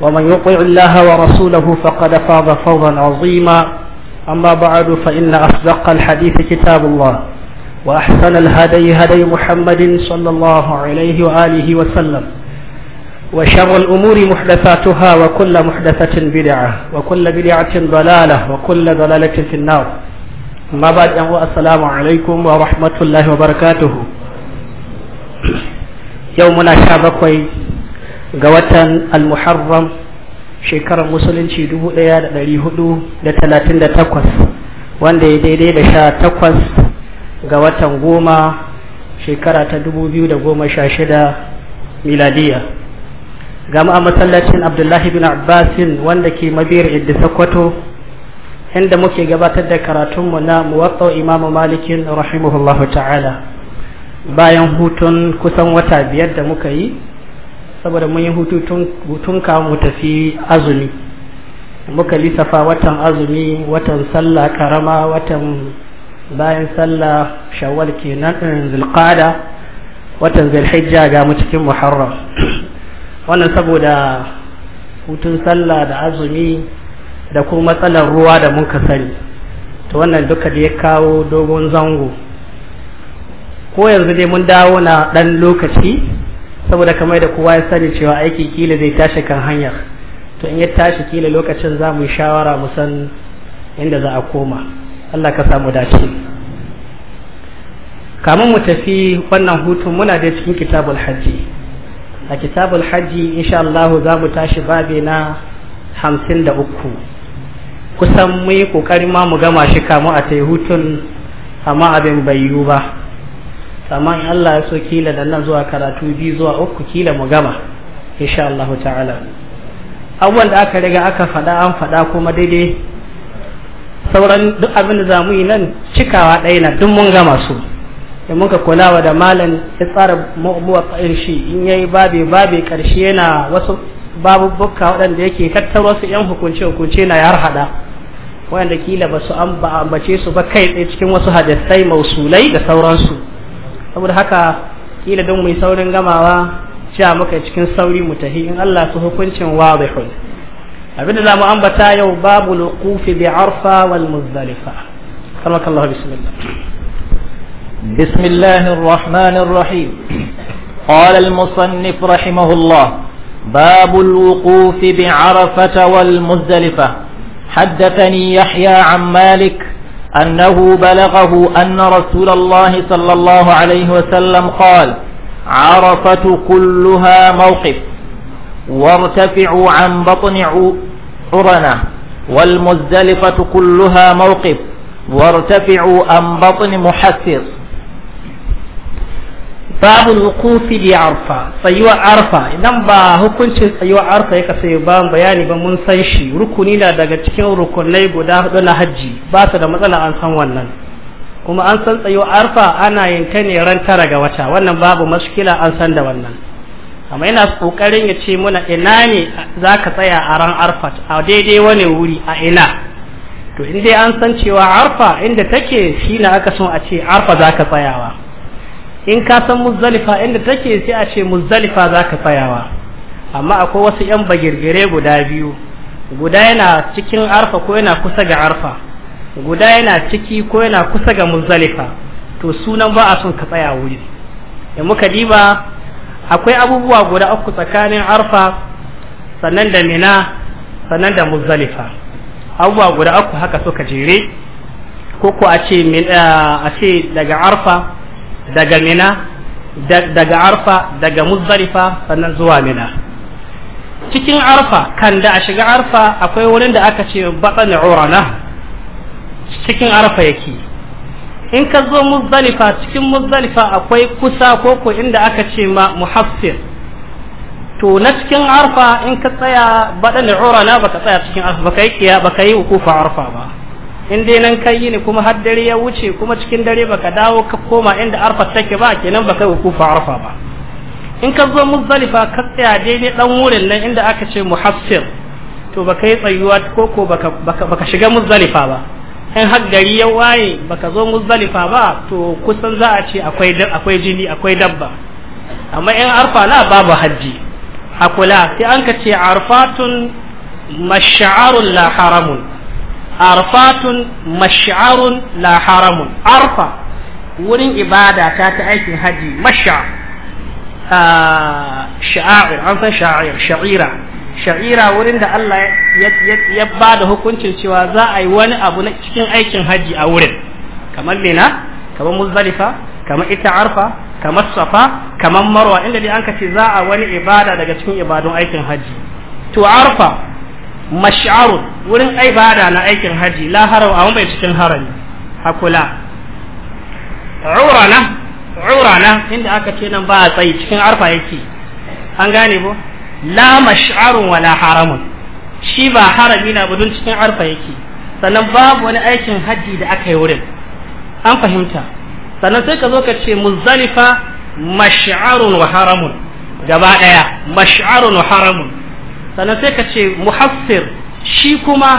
ومن يطع الله ورسوله فقد فاض فوضا عظيما أما بعد فإن أصدق الحديث كتاب الله وأحسن الهدي هدي محمد صلى الله عليه وآله وسلم وشر الأمور محدثاتها وكل محدثة بدعة وكل بدعة ضلالة وكل ضلالة في النار ما بعد أن السلام عليكم ورحمة الله وبركاته يومنا شابك ga watan al-muharram shekarar musulunci 1438 wanda ya daidai da sha takwas ga watan goma shekara ta 2016 miladiya Ga a masallacin abdullahi bin abbasin wanda ke mabiyar idda sakwato inda muke gabatar da karatunmu na muwatta imamu malikin rahimahullahu ta'ala bayan hutun kusan wata biyar da muka yi saboda mun yi hutu tun kawo mu tafi azumi muka lissafa watan azumi watan sallah karama watan bayan sallah shawwal kenan eh, zulqada watan zulhijja ga mu cikin muharram wannan saboda hutun sallah da azumi da kuma matsalar ruwa da muka sani to wannan duka da ya kawo dogon zango ko yanzu dai mun dawo na dan lokaci saboda kamar da kowa ya sani cewa aiki kila zai tashi kan hanyar to in ya tashi kila lokacin za mu shawara mu san inda za a koma Allah ka samu dace kamun mu tafi wannan hutun muna da cikin kitabul hajji a kitabul hajji insha Allah za mu tashi babi na hamsin da uku kusan mu yi ƙoƙarin ma mu gama shi kamu a ta hutun amma abin bai yiwu ba amma in Allah ya so kila da nan zuwa karatu biyu zuwa uku kila mu gama insha Allah ta'ala abubuwan da aka riga aka faɗa an faɗa kuma daidai sauran duk abin da zamu yi nan cikawa ɗaya na duk mun gama su da muka kulawa da malam ya tsara mu'amuwa shi in yayi babe babe karshe yana wasu bukka waɗanda yake tattaro su yan hukunce hukunce na yar hada waɗanda kila ba su ambace su ba kai tsaye cikin wasu hadisai mausulai da sauransu saboda haka kila don mai saurin gamawa cewa muka cikin sauri mu tahi in Allah su hukuncin wadihun abin da zamu ambata yau babu luqufi bi arfa wal muzdalifa Allah bismillah بسم الله الرحمن الرحيم قال المصنف رحمه الله باب الوقوف بعرفة والمزدلفة حدثني يحيى عن مالك أنه بلغه أن رسول الله صلى الله عليه وسلم قال عرفة كلها موقف وارتفعوا عن بطن عرنة والمزدلفة كلها موقف وارتفعوا عن بطن محسر babu wuqufi bi arfa tsayuwar arfa idan ba hukuncin tsayuwar arfa ya saya ba bayani ba mun san shi rukuni na daga cikin rukunai guda hudu na hajji ba su da matsala an san wannan kuma an san tsayuwa arfa ana yanka ne ran tara ga wata wannan babu mashkila an san da wannan amma yana kokarin ya ce muna ina ne za ka tsaya a ran arfa a daidai wani wuri a ina to in dai an san cewa arfa inda take shi na aka so a ce arfa za ka tsayawa in ka san muzalifa inda take sai a ce muzalifa za ka tsayawa amma akwai wasu 'yan bagirgire guda biyu guda yana cikin arfa ko yana kusa ga arfa guda yana ciki ko yana kusa ga zalifa to sunan ba a son ka tsaya wuri da muka diba akwai abubuwa guda uku tsakanin arfa sannan da mina sannan da muzalifa abubuwa guda uku haka suka jere ko ko eh, a ce daga arfa daga mina daga arfa daga muzdalifa sannan zuwa mina cikin arfa kan da a shiga arfa akwai wurin da aka ce batsan urana cikin arfa yake in ka zo muzdalifa cikin muzdalifa akwai kusa koko inda aka ce ma muhaffir to na cikin arfa in ka tsaya baɗan urana baka tsaya cikin arfa baka yi kiya baka yi wukufa arfa ba in dai nan kai ne kuma har dare ya wuce kuma cikin dare baka dawo ka koma inda arfa take ba kenan baka yi kufa arfa ba in ka zo muzdalifa ka tsaya daidai dan wurin nan inda aka ce muhassir to baka yi tsayuwa ko ko baka baka shiga muzdalifa ba in har gari ya waye baka zo muzdalifa ba to kusan za a ce akwai akwai jini akwai dabba amma in arfa la babu hajji akula sai an ka ce arfatun mash'arun la haramun arfatun mash'arun la haramun arfa wurin ibada ta ta aikin haji masha ah, sha'ir an san sha'ir sha'ira sha'ira wurin da Allah ya ba da hukuncin cewa za a yi wani abu na cikin aikin haji a wurin kamar mina kamar muzdalifa kamar ita arfa kamar safa kamar marwa inda dai an ce za a wani ibada daga cikin ibadun aikin haji to arfa mash'aru wurin ibada na aikin haji la harau a mai cikin harami hakula urana urana inda aka ce nan ba a tsayi cikin arfa yake an gane ko la mash'arun wala haramun shi ba harami na budun cikin arfa yake sannan babu wani aikin haji da aka yi wurin an fahimta sannan sai ka zo ka ce muzalifa mash'arun wa haramun gaba daya mash'arun wa haramun sannan sai ka ce muhaffir shi kuma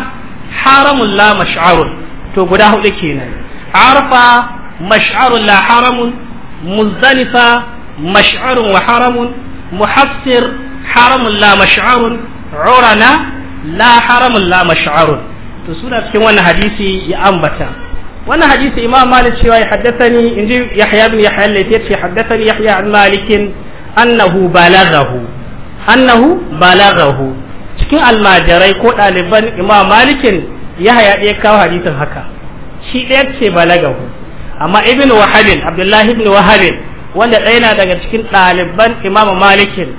haramun la mash'arun to guda hudu kenan arfa mash'arun la haramun muzdalifa mash'arun wa haramun muhaffir haramun la mash'arun urana la haramun la mash'arun to suna cikin wannan hadisi ya ambata wannan hadisi imam malik cewa ya haddathani inji yahya bin yahya al-laythi ya haddathani yahya an malik annahu balaghahu annahu balagahu cikin almajarai ko ɗaliban imam malikin yahaya ɗaya kawo hadisin haka shi ɗaya ce balagahu amma ibn wahabin abdullahi ibn wahabin wanda ɗaya na daga cikin ɗaliban imam malikin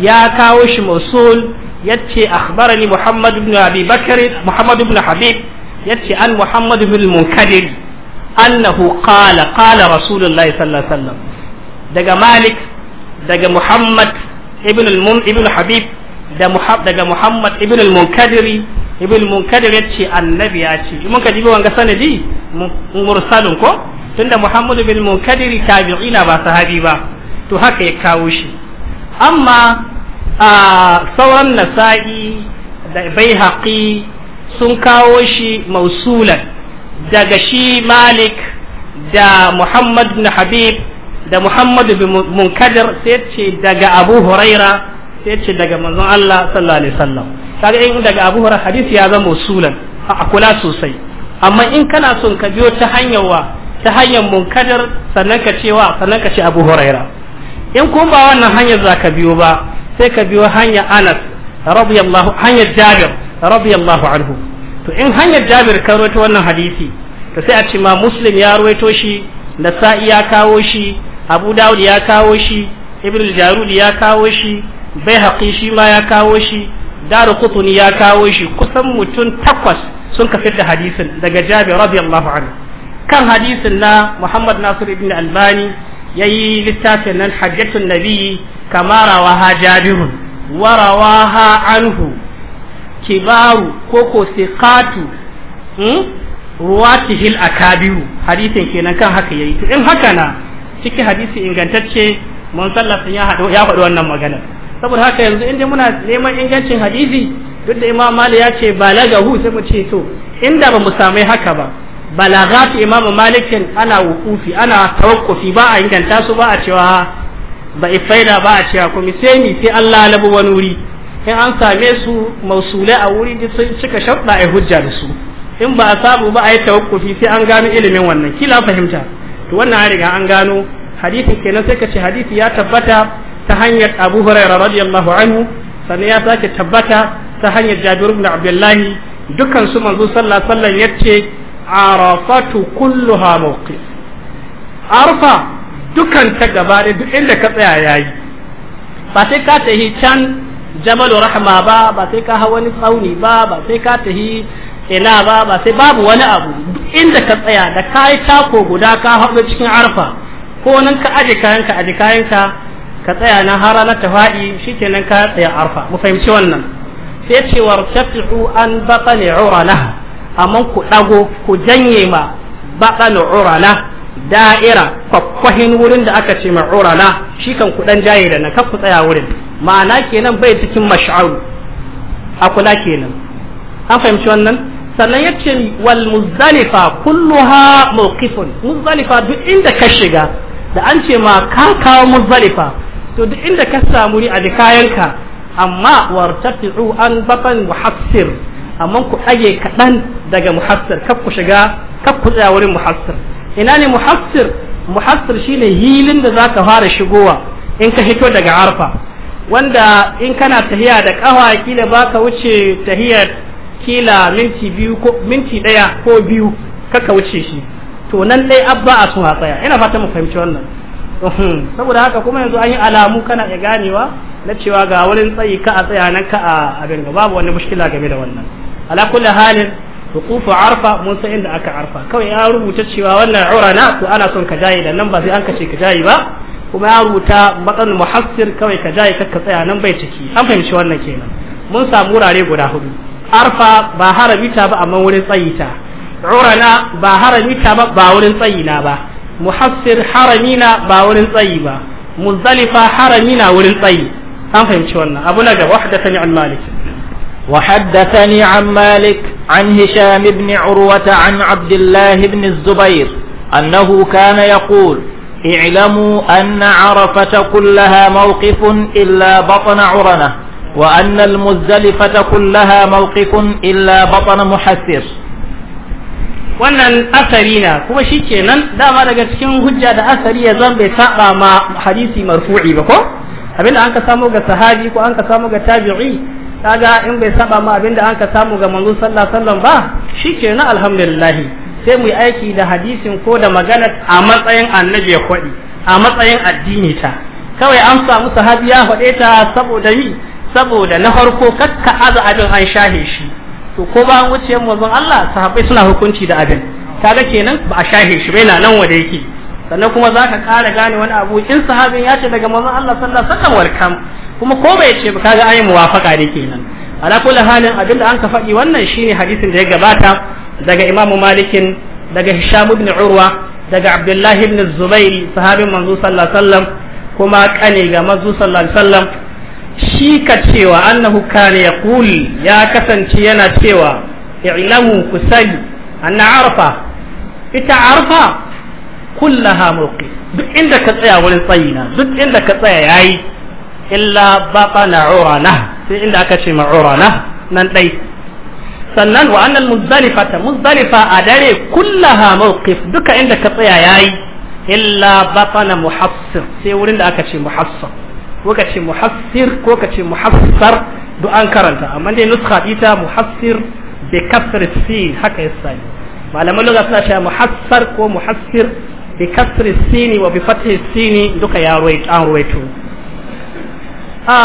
ya kawo shi musul yace akhbarani muhammad ibn abi bakr muhammad ibn habib yace an muhammad ibn munkadir annahu qala qala rasulullahi sallallahu alaihi wasallam daga malik daga muhammad ibn al-mun ibn habib da daga muhammad ibn al-munkadiri ibn al-munkadir yace annabi ya ce mun ka jibi wanga sanadi mursalun ko tunda muhammad ibn al-munkadiri tabi'ina ba sahabi ba to haka ya kawo shi amma a sauran nasa'i da baihaqi sun kawo shi mausulan daga shi malik da muhammad ibn habib da Muhammadu bin Munkadir sai ce daga Abu Huraira sai ce daga manzon Allah sallallahu alaihi wasallam kaga in daga Abu Huraira hadisi ya zama usulan a kula sosai amma in kana son ka biyo ta hanyar wa ta hanyar Munkadir sannan ka ce wa sannan ka ce Abu Huraira in kun ba wannan hanyar za ka biyo ba sai ka biyo hanyar Anas radiyallahu hanyar Jabir radiyallahu anhu to in hanyar Jabir ka rawaito wannan hadisi to sai a ce ma Muslim ya rawaito shi da sa'i ya kawo shi abu dawud ya kawo shi ibn jarud ya kawo shi bai shi ma ya kawo shi daru kutuni ya kawo shi kusan mutum takwas sun kafir da hadisin daga jabir radiyallahu anhu kan hadisin na muhammad nasir ibn albani yayi littafin nan hajjatun nabiyyi kama rawaha jabirun wa rawaha anhu kibaru koko siqatu hmm? ruwatihil akabiru hadisin kenan kan haka yayi to in haka na ciki hadisi ingantacce mun sallah ya haɗu faɗi wannan magana saboda haka yanzu inda muna neman ingancin hadisi duk da imam malik ya ce balagahu sai mu ce to inda ba mu samu haka ba balagatu imam malikin ana wukufi ana tawakkufi ba a inganta su ba a cewa ba ifaida ba a cewa kuma sai ni sai Allah labu wani wuri in an same su mausule a wuri da sun cika sharɗa a hujja da su in ba a sabu ba a yi tawakkufi sai an gano ilimin wannan kila fahimta to wannan an riga an gano hadisin kenan sai ka ce hadisi ya tabbata ta hanyar Abu Hurairah radiyallahu anhu sannan ya sake tabbata ta hanyar Jabir ibn Abdullah dukkan su manzo sallallahu alaihi wasallam yace arafatu kulluha mawqif arfa dukkan ta gaba da duk inda ka tsaya yayi ba sai ka tahi can jamalu rahma ba ba sai ka hawa wani tsauni ba ba sai ka tahi ina ba ba sai babu wani abu inda ka tsaya da kayi tako guda ka haɗu cikin arfa ko nan ka aje kayanka aje kayanka ka tsaya na har na shi shikenan ka tsaya arfa mu fahimci wannan sai ce wartafi'u an batani urana amma ku dago ku janye ma batani urana da'ira kwakwahin wurin da aka ce ma urana shi kan ku dan jaye da na kan ku tsaya wurin ma'ana kenan bai cikin mash'aru a kula kenan an fahimci wannan sannan ya ce wal muzdalifa kulluha mawqifun muzdalifa duk inda ka shiga da an ce ma ka kawo muzdalifa to duk inda ka samu ni a kayanka amma wartafi'u an bafan muhassir amma ku age kaɗan daga muhassir kaf ku shiga kaf ku tsaya wurin muhassir ina ne muhassir muhassir shine hilin da zaka fara shigowa in ka hito daga arfa wanda in kana tahiya da kafa kila baka wuce tahiyar kila minti biyu ko minti daya ko biyu kaka wuce shi to nan dai abba a sun hatsaya ina fata mu fahimci wannan saboda haka kuma yanzu an yi alamu kana ya ganewa na cewa ga wurin tsayi ka a tsaya nan ka a abin ga babu wani mushkila game da wannan ala kulli halin hukufu arfa mun san inda aka arfa kawai ya rubuta cewa wannan ura na to ana son ka jayi da nan ba sai an kace ka jayi ba kuma ya rubuta matsan muhassir kawai ka jayi ka tsaya nan bai ciki an fahimci wannan kenan mun samu wurare guda hudu arfa ba haramita ba amma wurin tsayita urana ba haramita ba ba wurin tsayina ba muhassir haramina ba wurin tsayi ba muzdalifa haramina wurin tsayi an fahimci wannan abu na gaba wahdatani an malik وحدثني عن مالك عن هشام بن عروة عن عبد الله بن الزبير أنه كان يقول اعلموا أن عرفة كلها موقف إلا بطن عرنة وأن المزدلفة كلها موقف إلا بطن محسر wannan asari na kuma shi kenan dama daga cikin hujja da asari ya zan bai taɓa ma hadisi marfu'i ba ko abinda an ka samu ga sahabi ko an ka samu ga tabi'i kaga in bai saba ma abinda an ka samu ga manzo sallallahu alaihi shi ke shikenan alhamdulillah sai mu yi aiki da hadisin ko da magana a matsayin annabi ya kwadi a matsayin addini ta kawai an samu sahabi ya faɗe ta saboda yi saboda na farko kakka aza abin an shahe shi to ko ba an wuce manzon Allah sahabbai suna hukunci da abin kaga kenan ba a shahe shi bai na nan wanda yake sannan kuma zaka ƙara gane wani abu in sahabin ya ce daga manzon Allah sallallahu alaihi wasallam warkam kuma ko bai ce ba kaga ai muwafaka ne kenan ala kullu halin abinda an ka faɗi wannan shine hadisin da ya gabata daga Imam Malikin daga Hisham ibn Urwa daga abdullahi ibn Zubair sahabin manzo sallallahu alaihi wasallam kuma kane ga manzo sallallahu alaihi wasallam shi ka cewa annahu kana yaqul ya kasance yana cewa i'lamu kusali anna arfa ita arfa kullaha mawqi duk inda ka tsaya wurin tsayina duk inda ka tsaya yayi illa baqana urana sai inda aka ce ma'urana nan dai sannan wa annal muzdalifata muzdalifa a dare kullaha mawqif duka inda ka tsaya yayi illa batana muhassir sai wurin da aka ce muhassir ko ka ce muhassir ko ka ce muhassar duk an karanta amma dai nuskha ita muhassir bi kasr sin haka ya sani malaman lugha suna cewa muhassar ko muhassir bi kasr sin wa bi fath sin duka ya ruwaito an to a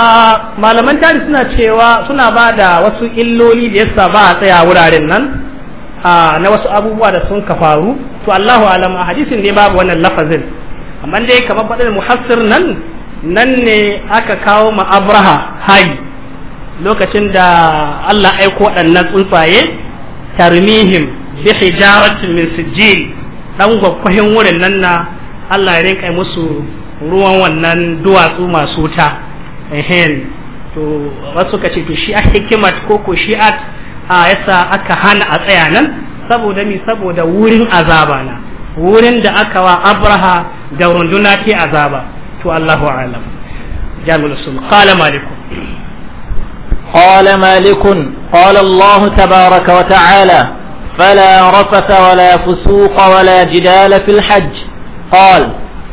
malaman tari suna cewa suna ba da wasu illoli da yasa ba a tsaya wuraren nan na wasu abubuwa da sun ka faru to Allahu alama a hadisin ne babu wannan lafazin amma dai kamar faɗin muhassir nan nan ne aka kawo ma abraha hari lokacin da Allah aiko waɗannan tsuntsaye tarmihim bi hijaratin min sijil dan gwakwahin wurin nan na Allah ya rinka musu ruwan wannan duwatsu masu ta ehen to wasu ka ce to shi a hikimat ko ko shi a yasa aka hana a tsaya nan saboda mi saboda wurin azaba na wurin da aka wa abraha da runduna ke azaba والله أعلم جامع الأصول قال مالك قال مالك قال الله تبارك وتعالى فلا رفث ولا فسوق ولا جدال في الحج قال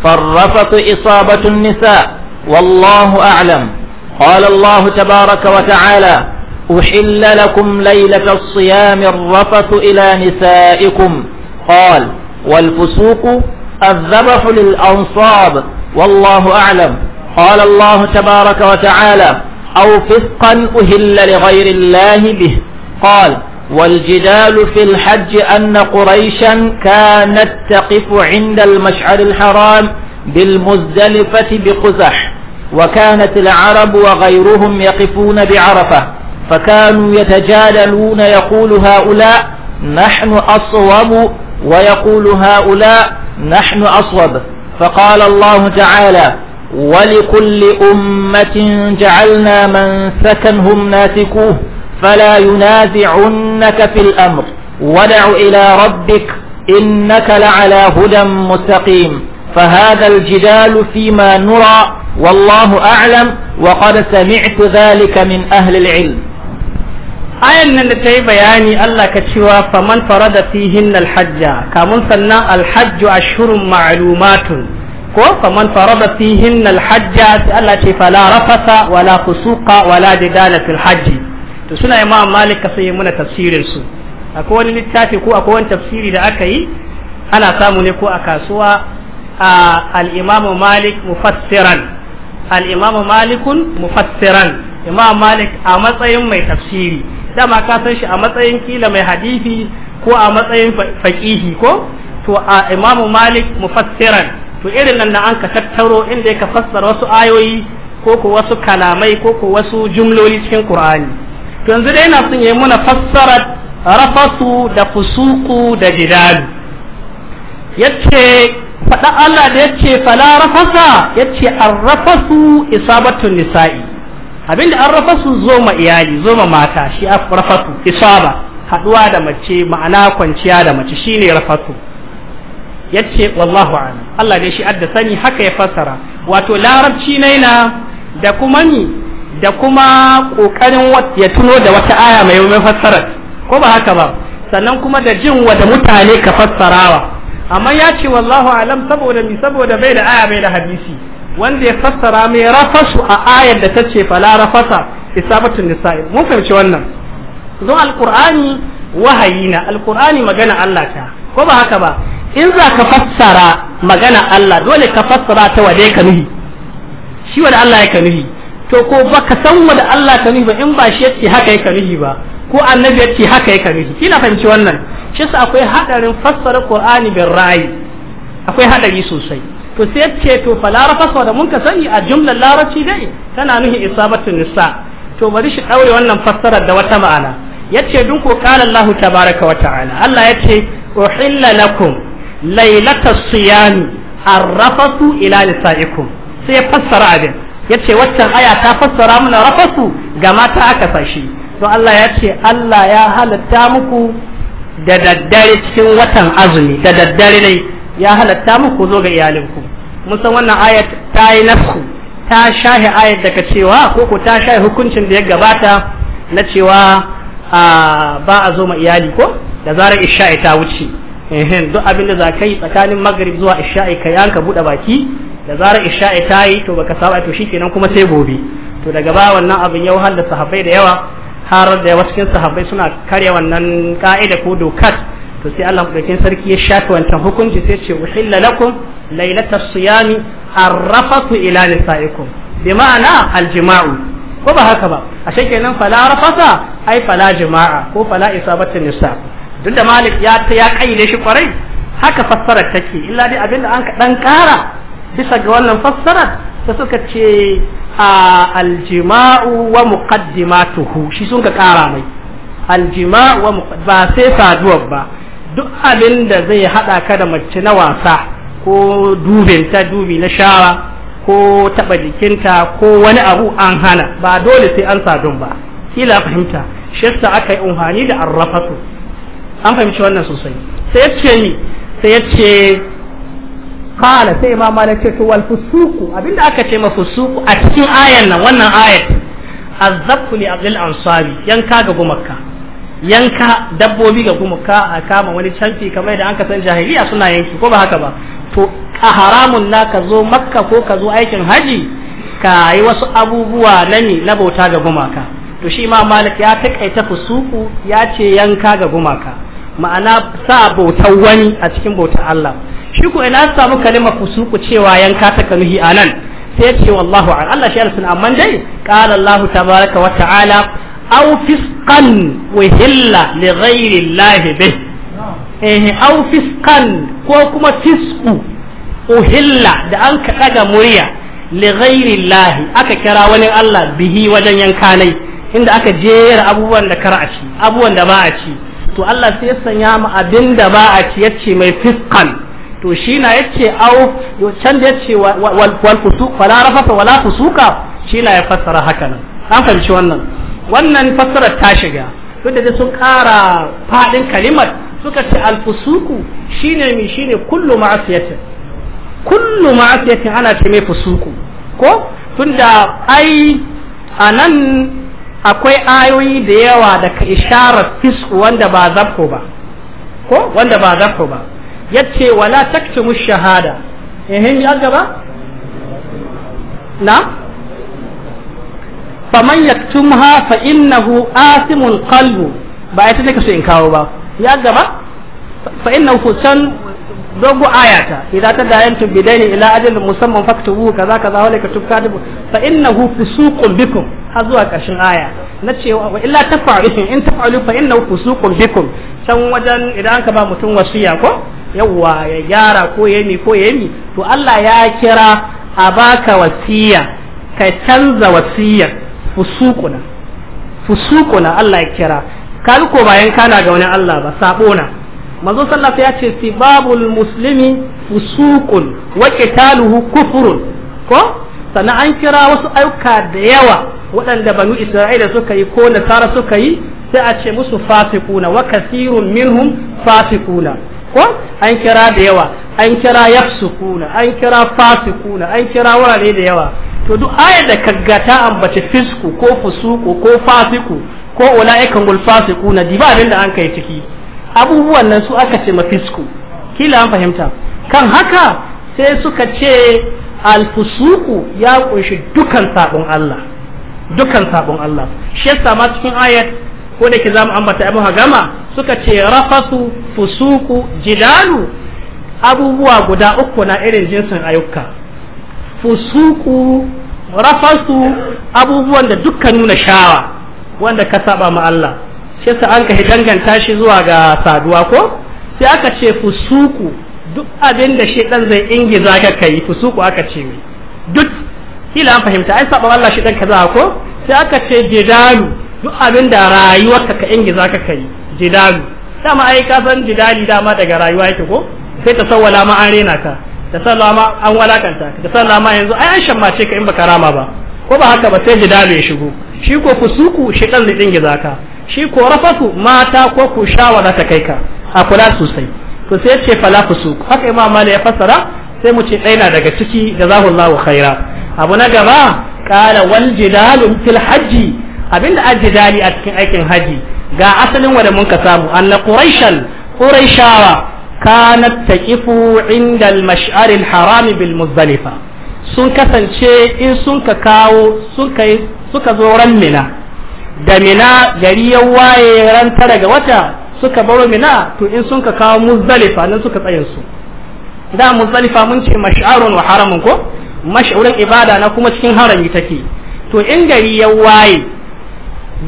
فالرفث إصابة النساء والله أعلم قال الله تبارك وتعالى أحل لكم ليلة الصيام الرفث إلى نسائكم قال والفسوق الذبح للأنصاب والله أعلم قال الله تبارك وتعالى أو فسقا أهل لغير الله به قال والجدال في الحج أن قريشا كانت تقف عند المشعر الحرام بالمزدلفة بقزح وكانت العرب وغيرهم يقفون بعرفة فكانوا يتجادلون يقول هؤلاء نحن أصوب ويقول هؤلاء نحن أصوب فقال الله تعالى ولكل أمة جعلنا من سكنهم ناسكوه فلا ينازعنك في الأمر ودع إلى ربك إنك لعلى هدى مستقيم فهذا الجدال فيما نرى والله أعلم وقد سمعت ذلك من أهل العلم ayan nan da ta yi bayani Allah ka cewa faman farada fihin alhajja kamun sannan alhajju ashhurun ma'lumatun ko faman farada fihin alhajja sai Allah ce fala rafasa wala kusuka wala jidala fil hajji to suna imam malik ka sai muna tafsirin su akwai wani littafi ko akwai wani tafsiri da aka yi ana samu ne ko a kasuwa a al'imamu malik mufassiran al'imamu malikun mufassiran imam malik a matsayin mai tafsiri dama ka san shi a matsayin kila mai hadisi ko a matsayin faqihi ko to a imamu malik mufassiran to irin nan da an ka tattaro inda ka fassara wasu ayoyi ko ko wasu kalamai ko ko wasu jumloli cikin qur'ani to yanzu dai ina son yayi muna fassara rafasu da fusuku da jidal yace faɗa Allah da yace fala rafasa yace arrafasu isabatu nisa'i abinda an rafasu zo ma iyali zo ma mata shi a rafasu isaba haduwa da mace ma'ana kwanciya da mace shine rafasu yace wallahu a'lam Allah ne shi addasani sani haka ya fassara wato larabci ne na da kuma ni da kuma kokarin ya tuno da wata aya mai mai fassara ko ba haka ba sannan kuma da jin wa da mutane ka fassarawa amma ya ce wallahu alam saboda mi saboda bai da aya bai da hadisi wanda ya fassara mai rafasu a ayar da ta ce fala rafasa isabatun nisa'i mun fahimci wannan don alqur'ani wahayi na alqur'ani magana Allah ta ko ba haka ba in za ka fassara magana Allah dole ka fassara ta wade ka nuhi shi da Allah ya ka nuhi to ko ba ka san da Allah ka nuhi ba in ba shi yake haka ya ka nuhi ba ko annabi yake haka ya ka nuhi kina fahimci wannan shi akwai hadarin fassara qur'ani bin ra'ayi akwai hadari sosai to sai ce to fa larabta da mun ka sani a jumlar larabci dai tana nuhi isabatu nisa to bari shi daure wannan fassarar da wata ma'ana yace dun ko qala Allahu tabaraka wa ta'ala Allah yace uhilla lakum lailatas siyam arrafatu ila nisaikum sai fassara abin yace waccan aya ta fassara mana rafasu ga mata aka sashi to Allah ya ce Allah ya halatta muku da daddare cikin watan azumi da daddare ne ya halatta muku zo ga iyalinku mun san wannan ayat ta yi nafsu ta shahi ayat daga cewa ko ko ta shahi hukuncin da ya gabata na cewa ba a zo ma iyali ko da zarar isha'i ta wuce ehin duk abin da za ka yi tsakanin magrib zuwa isha'i ka yanka buɗe baki da zarar isha'i ta yi to baka saba to shikenan kuma sai gobe to daga ba wannan abin ya wahala sahabbai da yawa har da yawa cikin sahabbai suna karya wannan ka'ida ko dokar to sai Allah madaukakin sarki ya shafi wancan hukunci sai ce uhilla lakum lailatar siyami arrafatu ila nisaikum bi aljima'u ko ba haka ba a kenan fala rafasa ai fala jima'a ko fala isabatu nisa duk da malik ya ta ya kayyade shi kwarai haka fassarar take illa dai abinda an dan kara bisa ga wannan fassarar ta suka ce a aljima'u wa muqaddimatuhu shi sun ka kara mai aljima'u wa ba sai saduwar ba duk abinda zai hada ka da mace na wasa ko dubinta dubi na shawa ko taba jikinta ko wani abu an hana ba dole sai an sadun ba kila fahimta shi aka yi umhani da arrafatu an fahimci wannan sosai sai ya ce ni sai ya ce kala sai ma malik ce to wal fusuku abinda aka ce ma fusuku a cikin ayan nan wannan ayat azzabtu li abdul ansabi yanka ga gumakka yanka dabbobi ga kuma ka a kama wani canfi kamar da an ka san jahiliya suna yanki ko ba haka ba to a haramun na ka zo makka ko ka zo aikin haji ka yi wasu abubuwa na ne na bauta ga gumaka to shi ma malik ya takaita fusuku ya ce yanka ga gumaka ma'ana sa bautar wani a cikin bautar Allah shi ko ina samu kalimar fusuku cewa yanka ta kanuhi anan sai ce wallahu a'lam Allah shi ya amma dai qala Allah tabaraka wa ta'ala aw fisqan wa hilla li ghairi Allah bih eh aw fisqan ko kuma fisku uhilla da an ka murya li ghairi aka kira wani Allah bihi wajen yankanai inda aka jera abubuwan da kar a ci abubuwan da ba a ci to Allah sai ya sanya mu abinda ba a ci yace mai fisqan to shi na yace au can da yace wal fusuq fala rafata wala fusuka shi na ya fassara haka nan an fahimci wannan wannan fassarar ta shiga duk da sun ƙara faɗin kalimar suka ce alfusuku shine mi shine kullu ma'asiyati kullu ma'asiyati ana ce mai fusuku ko tunda ai anan akwai ayoyi da yawa da ka isharar fisku wanda ba zabko ba ko wanda ba zabko ba yace wala taktumu shahada ehin ya gaba na faman yaktumha fa innahu asimun qalbu ba ita take so in kawo ba ya gaba fa innahu fusan dogo ayata idan ta dayan tubidaini ila ajalin musamman faktubu kaza kaza wala ka tukadibu fa innahu fusuqun bikum har zuwa karshen aya na cewa wa illa tafa'alu in tafa'alu fa innahu fusuqun bikum can wajen idan ka ba mutum wasiya ko yawa ya gyara ko yami ko yami to Allah ya kira a baka wasiya ka canza wasiyar fusuquna fusuquna Allah ya kira kaga ko bayan kana ga wani Allah ba sabo na manzo sallallahu ya ce sibabul muslimi fusuqun wa qitaluhu kufrun ko sannan an kira wasu ayyuka da yawa waɗanda banu isra'ila suka yi ko nasara suka yi sai a ce musu fasikuna wa kasirun minhum fasikuna ko an kira da yawa an kira yafsukuna an kira fasikuna an kira wurare da yawa to duk ayar da kaga ta ambaci fisku ko fusuku ko fasiku ko ulaikan gul fasiku na diba abin da an kai ciki abubuwan nan su aka ce mafisku kila an fahimta kan haka sai suka ce alfusuku ya kunshi dukan sabon Allah dukan sabon Allah shi yasa ma cikin ayat ko da ke zamu ambata abu hagama suka ce rafasu fusuku jidalu abubuwa guda uku na irin jinsin ayyuka fusuku rafasu abubuwan da dukkan nuna shawa wanda ka saba ma Allah shi yasa an ka danganta shi zuwa ga saduwa ko sai aka ce fusuku duk abin da shi dan zai ingiza ka kai fusuku aka ce mai duk kila an fahimta ai saba Allah ka kaza ko sai aka ce jidalu duk abin da rayuwarka ka ingiza ka kai jidalu dama ai ka san jidali dama daga rayuwa yake ko sai ta sawwala ma an rena ka ta lama an walakanta ka san lama yanzu ai an shammace ka in baka rama ba ko ba haka ba sai jidalu ya shigo shi ko fusuku shi dan lidin gizaka shi ko rafasu mata ko ku shawara ta kai ka a kula sosai to sai ce fala fusuku haka imam malik ya fassara sai mu ce ɗaya daga ciki da jazahullahu khaira abu na gaba qala wal jidalu fil hajji abinda ajidali a cikin aikin haji ga asalin wanda mun ka samu anna quraishan quraishawa kanat taqifu inda al-mash'ar al-haram bil muzdalifa sun kasance in sun ka kawo sun kai suka zo ran mina da mina gari ya waye ran tara ga wata suka baro mina to in sun ka kawo muzdalifa nan suka tsayin su da muzdalifa mun ce mash'arun wa haramun ko mash'urin ibada na kuma cikin harami take to in gari ya waye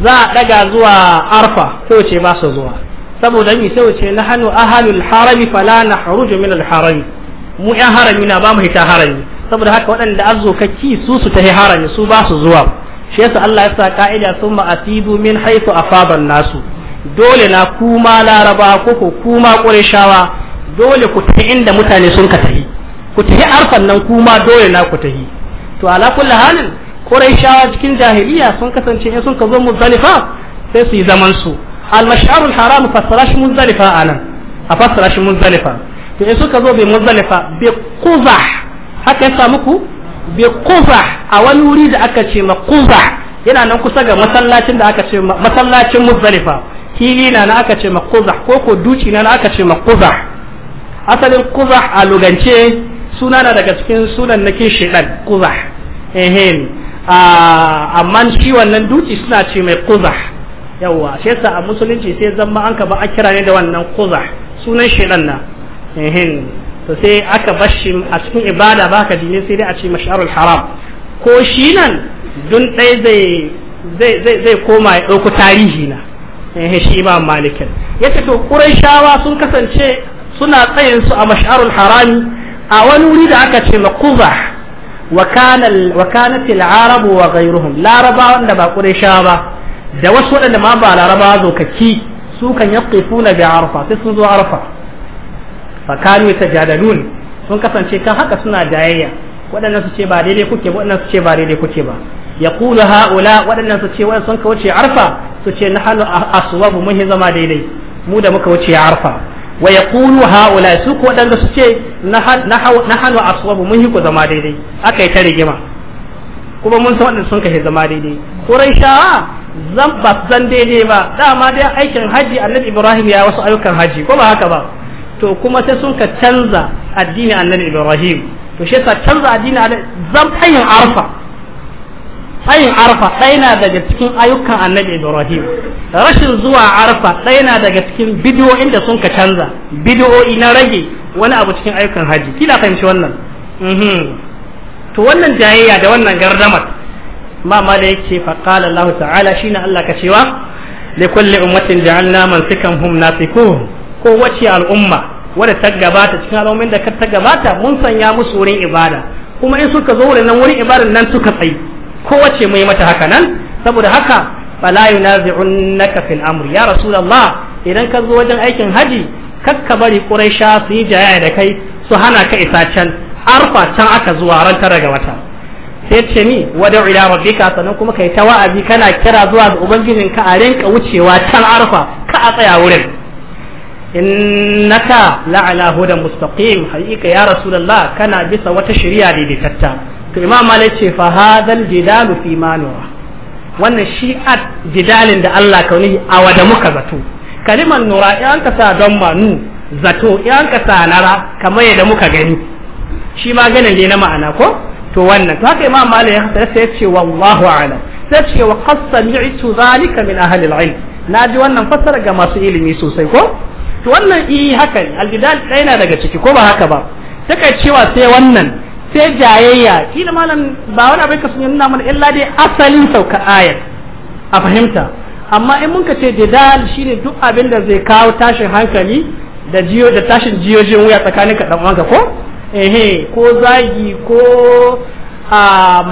za a daga zuwa arfa ko ce ba su zuwa saboda mi sai wace na hannu ahalul harami fala na haruju min harami mu yan harami na ba mu hita harami saboda haka waɗanda azzokaki su su tahi harami su ba su zuwa shi yasa Allah ya sa ka'ida sun ma'atibu min haifu afaban nasu dole na kuma laraba ko ko kuma qurayshawa dole ku inda mutane sun ka tahi ku tahi arfan nan kuma dole na ku tahi to ala kulli halin qurayshawa cikin jahiliya sun kasance in sun ka zo muzdalifa sai su yi zaman su al-mash'ar al-haram fassara shi muzdalifa anan a fassara shi muzdalifa to in suka zo bi muzdalifa bi quzah haka ya samu ku bi a wani wuri da aka ce ma yana nan kusa ga masallacin da aka ce masallacin muzdalifa hili na na aka ce ma ko ko duci na na aka ce ma asalin quzah a lugance suna na daga cikin sunan nake shedan quzah ehem amma shi wannan duci suna ce mai quzah yau shi yasa a musulunci sai zama an ka ba a kira ne da wannan kuza sunan shedan na ehin to sai aka bar shi a cikin ibada ba ka dine sai dai a ce mash'arul haram ko shi nan dun dai zai zai zai koma ya ɗauko tarihi na eh shi imam malikin yace to quraishawa sun kasance suna tsayin su a mash'arul harami a wani wuri da aka ce maquza wa kana wa kanat al wa ghayruhum larabawa da ba quraishawa ba da wasu waɗanda ma ba laraba ki su kan yaqifuna bi arfa sai sun zo arfa fa kanu tajadalun sun kasance kan haka suna jayayya waɗannan su ce ba daidai kuke waɗannan su ce ba daidai kuke ba yaqulu haula waɗannan su ce waɗannan sun ka wuce arfa su ce nahnu aswabu mun zama daidai mu da muka wuce arfa wa yaqulu haula su ko waɗanda su ce nahnu aswabu mun ku zama daidai akai ta rigima kuma mun san waɗanda sun ka zama daidai quraishawa zan ba zan daidai ba dama dai aikin haji annabi ibrahim ya wasu ayyukan haji ko ba haka ba to kuma sai sun ka canza addini annabi ibrahim to shi yasa canza addini zan tsayin arfa tsayin arfa ɗaya na daga cikin ayyukan annabi ibrahim rashin zuwa arfa ɗaya na daga cikin bidiyoyin da sun ka canza bidiyoyi na rage wani abu cikin ayyukan haji kila fahimci wannan mhm. to wannan jayayya da wannan gardamar ma ma da yake fa qala Allah ta'ala shine Allah ka cewa li kulli ummatin ja'alna man sikan hum nasiku ko wace al'umma wanda ta gabata cikin al'ummin da ta gabata mun sanya musu wurin ibada kuma in suka zo wurin nan wurin ibadan nan suka tsayi ko wace mai mata haka nan saboda haka fala yunazi'unnaka fil amri ya rasulullah idan ka zo wajen aikin haji kakka bari quraisha su yi jayaya da kai su hana ka isa can arfa can aka zuwa ran tara ga wata sai ce ni wada ila rabbika sannan kuma kai ta wa'azi kana kira zuwa ga ubangijin ka a rinka wucewa can arfa ka a tsaya wurin innaka la'ala hudan mustaqim haqiqa ya rasulullah kana bisa wata shari'a daidaitatta to imam malik ce fa hadal jidalu fi manura wannan shi'at jidalin da Allah kauni a wada muka zato kaliman nura yan ka sa don manu zato yan ka sa nara kamar yadda muka gani shi ma ganin ne na ma'ana ko to wannan to haka imam malik ya hasara sai ce wallahu a'lam sai ce wa qad sami'tu zalika min ahli al-ilm ji wannan fassara ga masu ilimi sosai ko to wannan eh haka al-bidal na daga ciki ko ba haka ba take cewa sai wannan sai jayayya kila malam ba wani abin ka sun nuna mana illa dai asalin sauka ayat a fahimta amma in mun ka ce didal shine duk abin da zai kawo tashin hankali da jiyo da tashin jiyojin wuya tsakanin ka dan uwanka ko ehe ko zagi ko a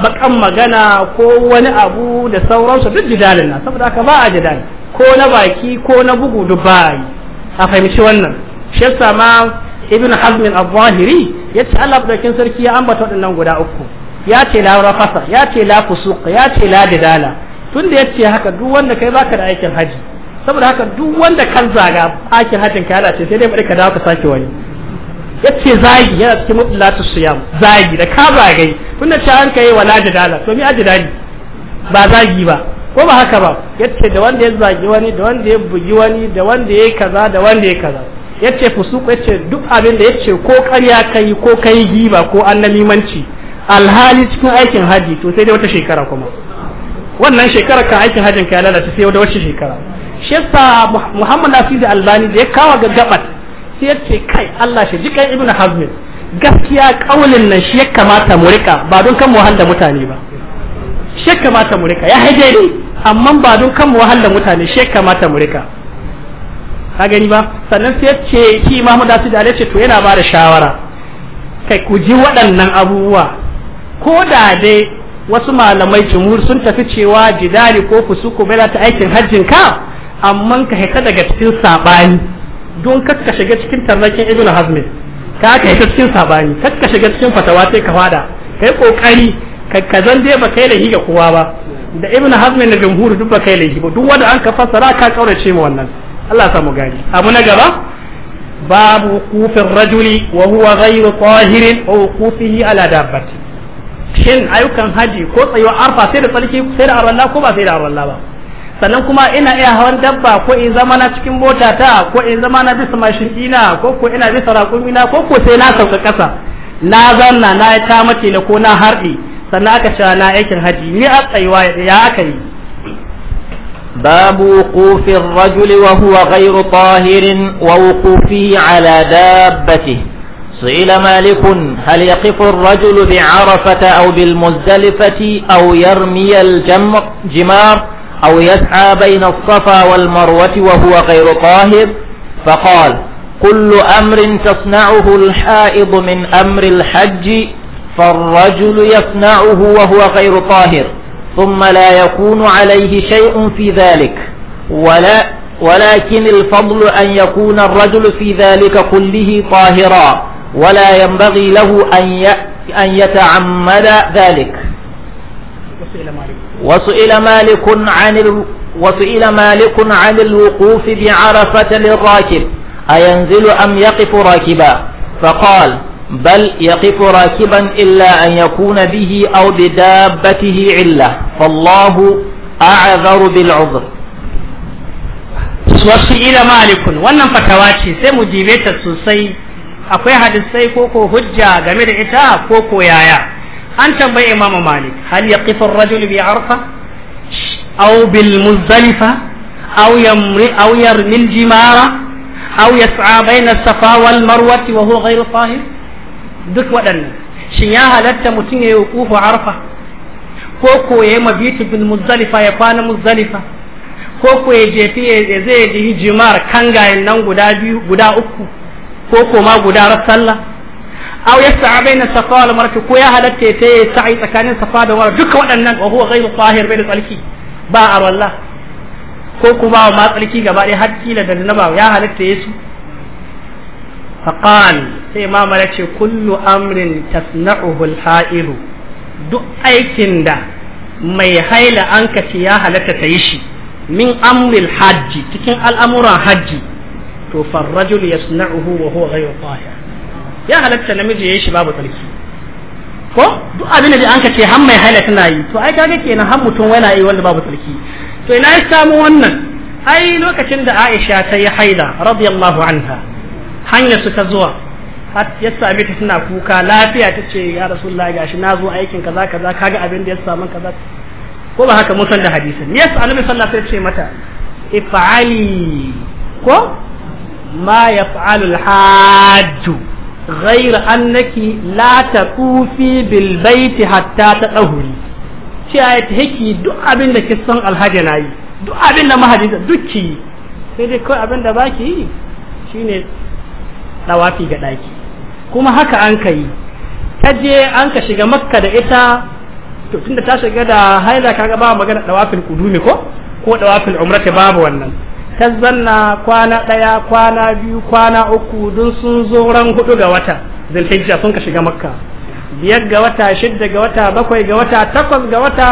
bakan magana ko wani abu da sauransu duk jidalin na saboda haka ba a jidal ko na baki ko na bugu duk ba yi a fahimci wannan shi yasa ma ibn hazm al-zahiri yace Allah daukin sarki ya ambata waɗannan guda uku ya ce la rafasa ya ce la fusuq ya ce la jidala tunda yace haka duk wanda kai baka da aikin haji saboda haka duk wanda kan zaga aikin hajin ka sai dai bari ka dawo ka sake wani yace zagi yana cikin mutlatu siyam zagi da ka zagai tunda ce an kai wala jidala to mi ajidali ba zagi ba ko ba haka ba yace da wanda ya zagi wani da wanda ya bugi wani da wanda ya kaza da wanda ya kaza yace fusuku yace duk abin da yace ko ƙarya kai ko kai giba ko annalimanci alhali cikin aikin haji to sai dai wata shekara kuma wannan shekara ka aikin hajin ka ya lalace sai wata shekara shi yasa Muhammad Nasiru Albani da ya kawo gaggabat sai ce kai Allah shi ji kai ibnu hazm gaskiya kaulin nan shi ya kamata mu rika ba don kan mu wahala mutane ba shi ya kamata mu rika ya haje ne amma ba don kan mu wahala mutane shi ya kamata mu rika ka gani ba sannan sai ce shi Imam da su ce to yana ba da shawara kai ku ji waɗannan abubuwa ko da dai wasu malamai jumhur sun tafi cewa jidali ko fusuku bai ta aikin hajjin ka amma ka hita daga cikin sabani don kakka shiga cikin tarrakin ibn hazmin ka ka ta cikin sabani kakka shiga cikin fatawa sai ka fada kai kokari ka zan ba kai lahi ga kowa ba da ibn hazmin da jamhuri duk ba kai lahi ba duk wanda an ka fassara ka kaurace ma wannan Allah ya samu gani abu na gaba babu kufin rajuli wa huwa ghayru tahirin wa kufihi ala dabbati shin ayyukan hajji ko tsayuwar arfa sai da tsarki sai da arwalla ko ba sai da arwalla ba sannan kuma ina iya hawan dabba ko in zama na cikin mota ta ko in zama na bisa mashin dina ko ko ina bisa raƙumi na ko ko sai na sauka ƙasa na zanna na ta mace na ko na harɗi sannan aka cewa na aikin haji ni a tsayuwa ya aka yi باب وقوف الرجل وهو غير طاهر ووقوفه على دابته سئل مالك هل يقف الرجل بعرفة أو بالمزدلفة أو يرمي الجمار أو يسعى بين الصفا والمروة وهو غير طاهر فقال كل أمر تصنعه الحائض من أمر الحج فالرجل يصنعه وهو غير طاهر ثم لا يكون عليه شيء في ذلك ولا ولكن الفضل أن يكون الرجل في ذلك كله طاهرا ولا ينبغي له أن أن يتعمد ذلك وسئل مالك عن ال... وسئل مالك عن الوقوف بعرفة للراكب أينزل أم يقف راكبا فقال بل يقف راكبا إلا أن يكون به أو بدابته علة فالله أعذر بالعذر وسئل مالك malikun فتواتي سمو ce sai mu jibe ta هجا غمير إتا كوكو يايا يا. an tambayi imam malik hal yaqifu ar-rajul bi arfa aw bil muzdalifa aw yamri aw yarmi al-jimara aw yas'a bayna as-safa wal marwa wa huwa ghayru tahir duk waɗannan shin ya halatta mutum ya yi wuqufu arfa ko ko ya mabitu bil muzdalifa ya kwana muzdalifa ko ko ya jefi ya zai yi jimar kangayen nan guda biyu guda uku ko ko ma guda sallah aw yas'a baina safa wal ko ya halatta ta yi sa'i tsakanin safa da marwa duka waɗannan wa huwa ghayru tahir bai da tsalki ba arwalla ko kuma ma tsalki gabadaya ɗaya har kila da naba ya halatta ya su faqal sai imama ya ce kullu amrin tasna'uhu al ha'ilu duk aikin da mai haila an kace ya halatta ta shi min amril hajji cikin al'amuran hajji to farrajul yasna'uhu wa huwa ghayru tahir ya halatta namiji yayi shi babu tsarki ko duk abin da an ka ce har mai haila tana yi to ai kaga kenan har mutum yana yi wanda babu tsarki to ina ya samu wannan ai lokacin da Aisha ta yi haila radiyallahu anha hanya suka zuwa har ya same ta tana kuka lafiya ta ce ya rasulullahi gashi na zo aikin kaza kaza kaga abin da ya samu kaza ko ba haka musan da hadisin yes annabi sallallahu alaihi wasallam ce mata if'ali ko ma yaf'alu hajju غير أنك لا تطوفي بالبيت حتى تطهري cewa ta haki duk abin da kisan alhaji na yi duk abin da mahajin da dukki sai dai kawai abin baki yi shine dawafi ga daki kuma haka an ka yi ta an ka shiga makka da ita to tunda ta shiga da haila kaga ba magana dawafin kudumi ko ko dawafin umrata babu wannan ta zanna kwana ɗaya kwana biyu kwana uku dun sun zo ran hudu ga wata zulhijja sun ka shiga makka biyar ga wata shidda ga wata bakwai ga wata takwas ga wata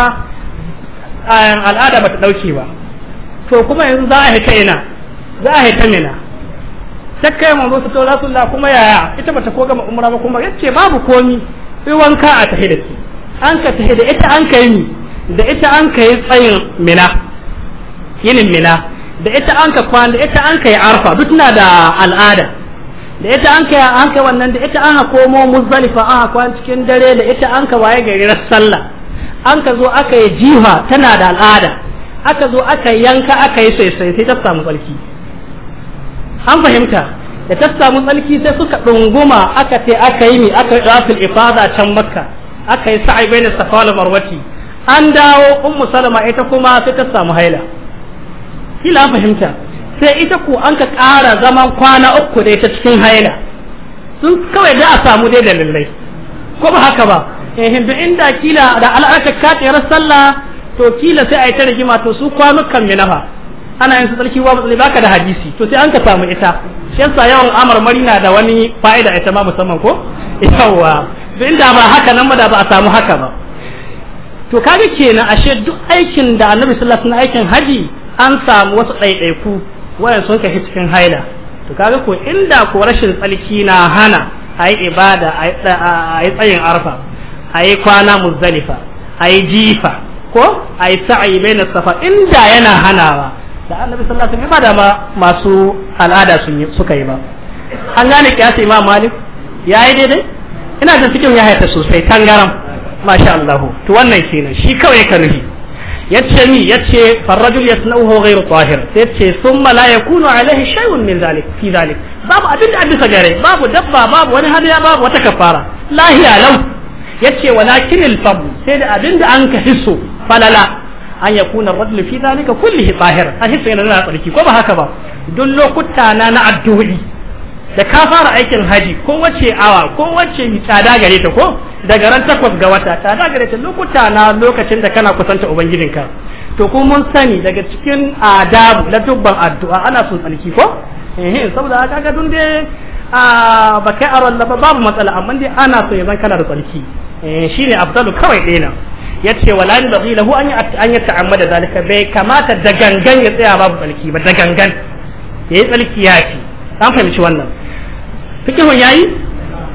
al'ada ba ta ɗauke ba to kuma yanzu za a hita ina za a hita mina ta kai manzo musu to rasulullah kuma yaya ita bata ko gama umra ba kuma yace babu komi sai wanka a tahi da an ka tahi da ita an kai ni da ita an kai tsayin mina yinin mina da ita an ka kwan da ita an ka yi arfa duk na da al'ada da ita an ka an ka wannan da ita an ka komo muzdalifa an ka kwan cikin dare da ita an ka waye gari sallah an ka zo aka yi jiha tana da al'ada aka zo aka yanka aka yi sai sai ta samu tsarki an fahimta da ta samu tsarki sai suka dunguma aka ce aka yi mi aka yi rafil ifada can makka aka yi sa'i bayin safa wal marwati an dawo ummu salama ita kuma sai ta samu haila kila fahimta sai ita ko an ka ƙara zaman kwana uku da ita cikin haila sun kawai da a samu dai da lallai ko ba haka ba eh da inda kila da al'arka ka sallah to kila sai a yi ta rigima to su kwanukan minafa ana yin su tsarki wa mutsali baka da hadisi to sai an ka samu ita shi yasa yawan amar marina da wani fa'ida ita ma musamman ko yawa inda ba haka nan ba da ba a samu haka ba to kaga kenan ashe duk aikin da annabi sallallahu alaihi wasallam aikin haji an samu wasu ɗaiɗaiku wayan sun kashi cikin haila to kaga ko inda ko rashin tsalki na hana a ibada a tsayin arfa a kwana muzdalifa a jifa ko a yi sa'ayi safa inda yana hanawa da annabi sallallahu alaihi wasallam ma masu al'ada sun suka yi ba an gane kiyasi imam malik yayi daidai ina da cikin ya haita sosai tangaram masha Allah to wannan kenan shi kawai ka nufi yace ni yace farrajul yasna'uhu ghayru tahir yace thumma la yakunu alaihi shay'un min zalik fi zalik babu abin da abisa gare babu dabba babu wani hadiya babu wata kafara lahiya lau yace walakin al fam sai da abin da an ka hisso falala an yakuna ar-rajul fi zalika kullihi tahir an hisso yana da tsarki ko ba haka ba duk lokuta na na addu'i da ka fara aikin haji ko wace awa ko wace tsada gare ta ko daga ran takwas ga wata tsada gare ta lokuta na lokacin da kana kusanta ubangijinka to ko mun sani daga cikin adabu na dubban addu'a ana son tsarki ko eh saboda haka ga dun a ba kai aron ba babu matsala amma dai ana so ya zan kana da tsarki eh shine afdalu kawai dai yace wala ni baghi hu an an ta'ammada zalika bai kamata da gangan ya tsaya babu tsarki ba da gangan yayi tsarki ya an fahimci wannan fikihun yayi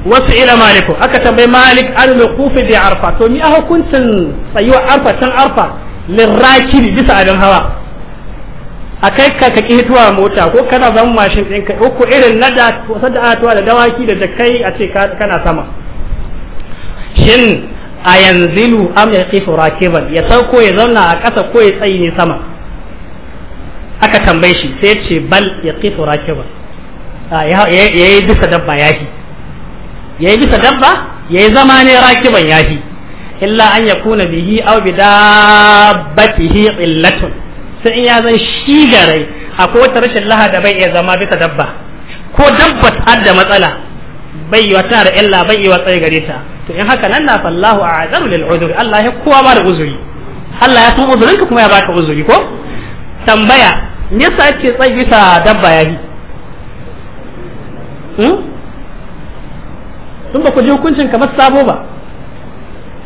wasu ila maliku aka tambayi malik an kufi da arfa to mi a hukuncin tsayuwa arfa can arfa lirrakibi bisa abin hawa a kai ka ka ki hituwa mota ko kana zan mashin ɗin ka ko irin na da sadda ana da dawaki da jakai a ce kana sama shin a yanzilu am ya kifu rakiban ya sauko ya zauna a ƙasa ko ya tsayi ne sama aka tambaye shi sai ce bal ya kifu rakiban Ah, ya yi bisa dabba yahi ya yi bisa dabba ya yi zama ne rakiban yahi illa an ya kuna bihi au bi dabbatihi illatun sai in ya zan shi rai akwai wata rashin lahada bai iya zama bisa dabba ko dabba ta da matsala bai yi wata da illa bai yi wata gare ta to in haka nan na fallahu a azaru lil uzuri Allah ya kowa ba da uzuri Allah ya san uzurinka kuma ya baka uzuri ko tambaya me yasa ake tsayi bisa dabba yahi sun hmm? ba ku ji hukuncin kamar sabo ba